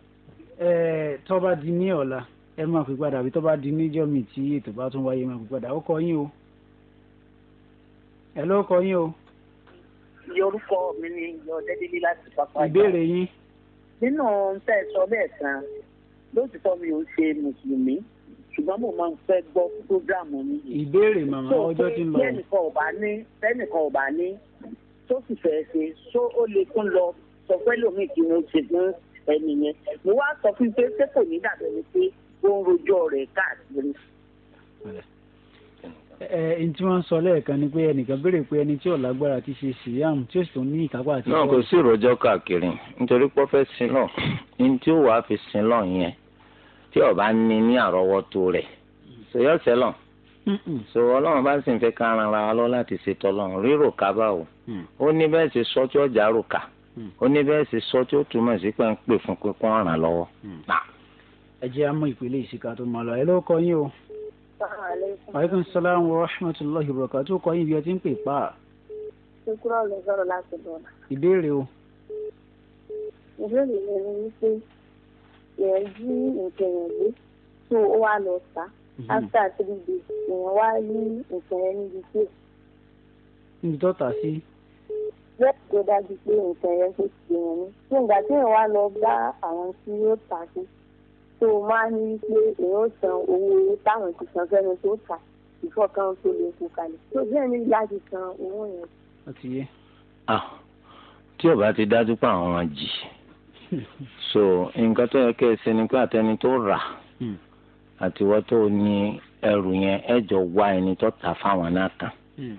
ẹ tó bá di ní ọ̀la ẹ máa fi padà àbí tó bá di níjọ́ mi tí ètò bá tún wáyé máa fi padà ó kọ yín o. ẹ ló kọ yín o. yorùkọ mi ni yọ dẹ́dẹ́lé láti pápá ìjà. ìbéèrè yín. nínú tẹ́ ẹ sọ bẹ́ẹ̀ tán lóòtítọ́ mi ò ṣe mùsùlùmí ṣùgbọ́n mo máa ń fẹ́ gbọ́ programu mi. ìbéèrè màmá ọjọ́ ti ń lọ. tẹnìkan ò bá ní tẹnìkan ò bá ní tó sì fẹ́ ṣe ṣó ó lè tún lọ sọ pé lómi kí mo ṣe fún ẹni yẹn mo wá sọ fún pé ṣé kò ní dàbẹ̀ ni pé ó ń rojọ́ rẹ̀ káàkiri. ẹ ẹ tí wọ́n sọ lẹ́ẹ̀kan ni pé ẹnìkan béèrè pé ẹni tí ò ti ṣe síyàm tí ó sì tún ní ìkápá àti. náà kò sí ìròjọ́ káàkiri nítorí pọ́fẹ́ sílọ̀ ní tí ó wàá fi sílọ̀ yẹn tí ọba ní ní àrọ́wọ́tó rẹ. sọyọ́ sẹ́lọ̀ so ọlọ́run bá sì ń fẹ́ ara lọ láti ṣètò ọlọ́run rírò ká o mm. ó ní bẹ́ẹ̀ sì sọ tí ọjà rò ó ní sì sọ tí ó mm. sí pé ń pè fún pé kó ràn mm. ẹ jẹ́ àmọ́ ìpele ìsìnká tó máa lọ ẹ o. aleykum salaam wa rahmatulahi wa barakatuh kọ yín bí ẹ ti ń pè pa. ìbéèrè o. èèyàn jí nǹkan èèyàn gbé so ó wá lọ tà mhm. after three days èèyàn wá rí nǹkan yẹn níbi tí ò. níbi tó tà sí. bẹ́ẹ̀ tó dájú pé nǹkan yẹn kò sí èèyàn ní so ìgbà tí èèyàn wá lọ bá àwọn tí yóò tà sí tó o máa ní pé èèyàn ó san owó owó táwọn ti san fẹ́ni tó tà ìfọ̀kàn tó lè kó kalẹ̀ tó bẹ́ẹ̀ ní láti san owó yẹn. Ah, ó ti yé. tí ò bá ti dájú pé àwọn máa jì í so nǹkan tó yẹ kẹ́ ẹ ṣe ni pé àtẹni tó rà hmm. àtiwọ́ tó ní ẹrù yẹn ẹ jọ wá ẹni tó tà fáwọn náà kan hmm.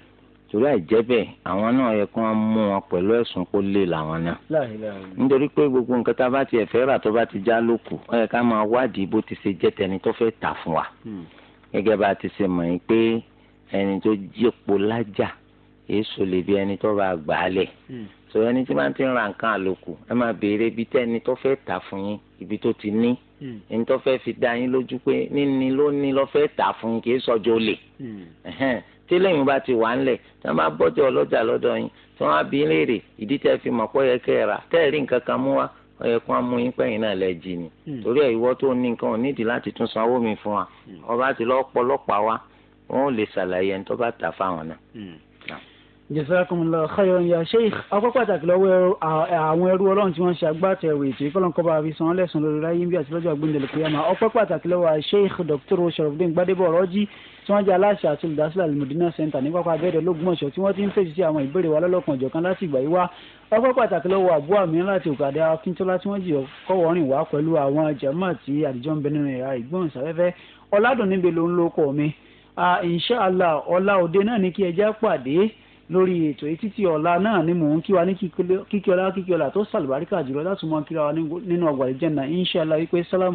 torí àìjẹ́ bẹ́ẹ̀ àwọn náà yẹ kí mú wọn pẹ̀lú ẹ̀sùn kó lè làwọn náà. nítorí pé gbogbo nǹkan tá a bá ti ẹ̀fẹ́ rà tó bá ti já lókù ó yẹ ká máa wádìí bó ti ṣe jẹ́ tẹni tó fẹ́ tà fún wa. Hmm. gẹ́gẹ́ bá a ti ṣe mọ̀ yín pé ẹni tó jí epo lájà èso lè bí ẹni tó bá gbà á lẹ̀ sọ̀rọ̀ ẹni tí máa ti ń ra nǹkan àlòkù ẹ máa béèrè ibi tẹ́ ẹni tó fẹ́ tà fún yín ibi tó ti ní hmm. ẹni tó fẹ́ fi dá yín lójú pé níní ló ní lọ́ fẹ́ tà fún yín kì í sọ́jọ́ olè hmm. tí lẹ́yìn bá ti wà ńlẹ̀ tí wọ́n bá bọ́jọ́ ọlọ́jà lọ́dọ̀ yín tí wọ́n á bí léèrè ìdí tẹ́ fi mọ̀ pọ́ yẹ kẹ́ ẹ rà tẹ́ ẹ rí nǹkan kan mú wa ó yẹ kó amú yín pẹ́yìn náà lẹ́ jì ní hmm. torí ẹ̀ ìwọ tó ní nǹkan ò nídìí láti tún san owó mi fún wa ọba ti lọ́ọ́ pọlọ́pàá wa wọ́n ò lè ṣàlàyé ẹni tó bá tà fáwọn náà jesakumula khayran ya sheikh akọ pàtàkì lọ́wọ́ àwọn ẹrú Ọlọ́run tí wọ́n ṣe agbátẹrù ètò ìkọlọńkọba àfisàn lẹsùn lórí ráyé bí àti lọ́jọ́ àgbéǹdẹlẹ kìyàmà ọpẹ́ pàtàkì lọ́wọ́ sheikh dr sharafdin gbadebo ọrọjì tí wọ́n jẹ́ aláṣẹ àti olùdásílẹ̀ alimudina center ní pápá abẹ́rẹ́ lógúnmọ̀ṣọ́ tí wọ́n ti ń fèsì sí àwọn ìbéèrè wa lọ́lọ́kan ọ̀jọ̀kan láti ìgbà yìí wá ọpẹ́ pàtàkì lọ́wọ́ àbú àmì láti òkàdá akíntola tí wọ́n jìyọ kọ́wọ́rìn wá pẹ̀lú àwọn jàmáà tí àdìjọ́ ń bẹ nínú ẹ̀yà ìgbóhùnsáfẹ́fẹ́ níbi ló ń lóko mi inshallah ọ̀la òde náà ni kí ẹja pàdé lórí ètò yìí títí ọ̀la náà ni mò ń kí wa ní kíkí ọlá kíkí ọlá tó sàlùbáríkà jùlọ láti mọ kíra wa nínú ọgbà ìjẹ́nà inshallah wípé sálámù.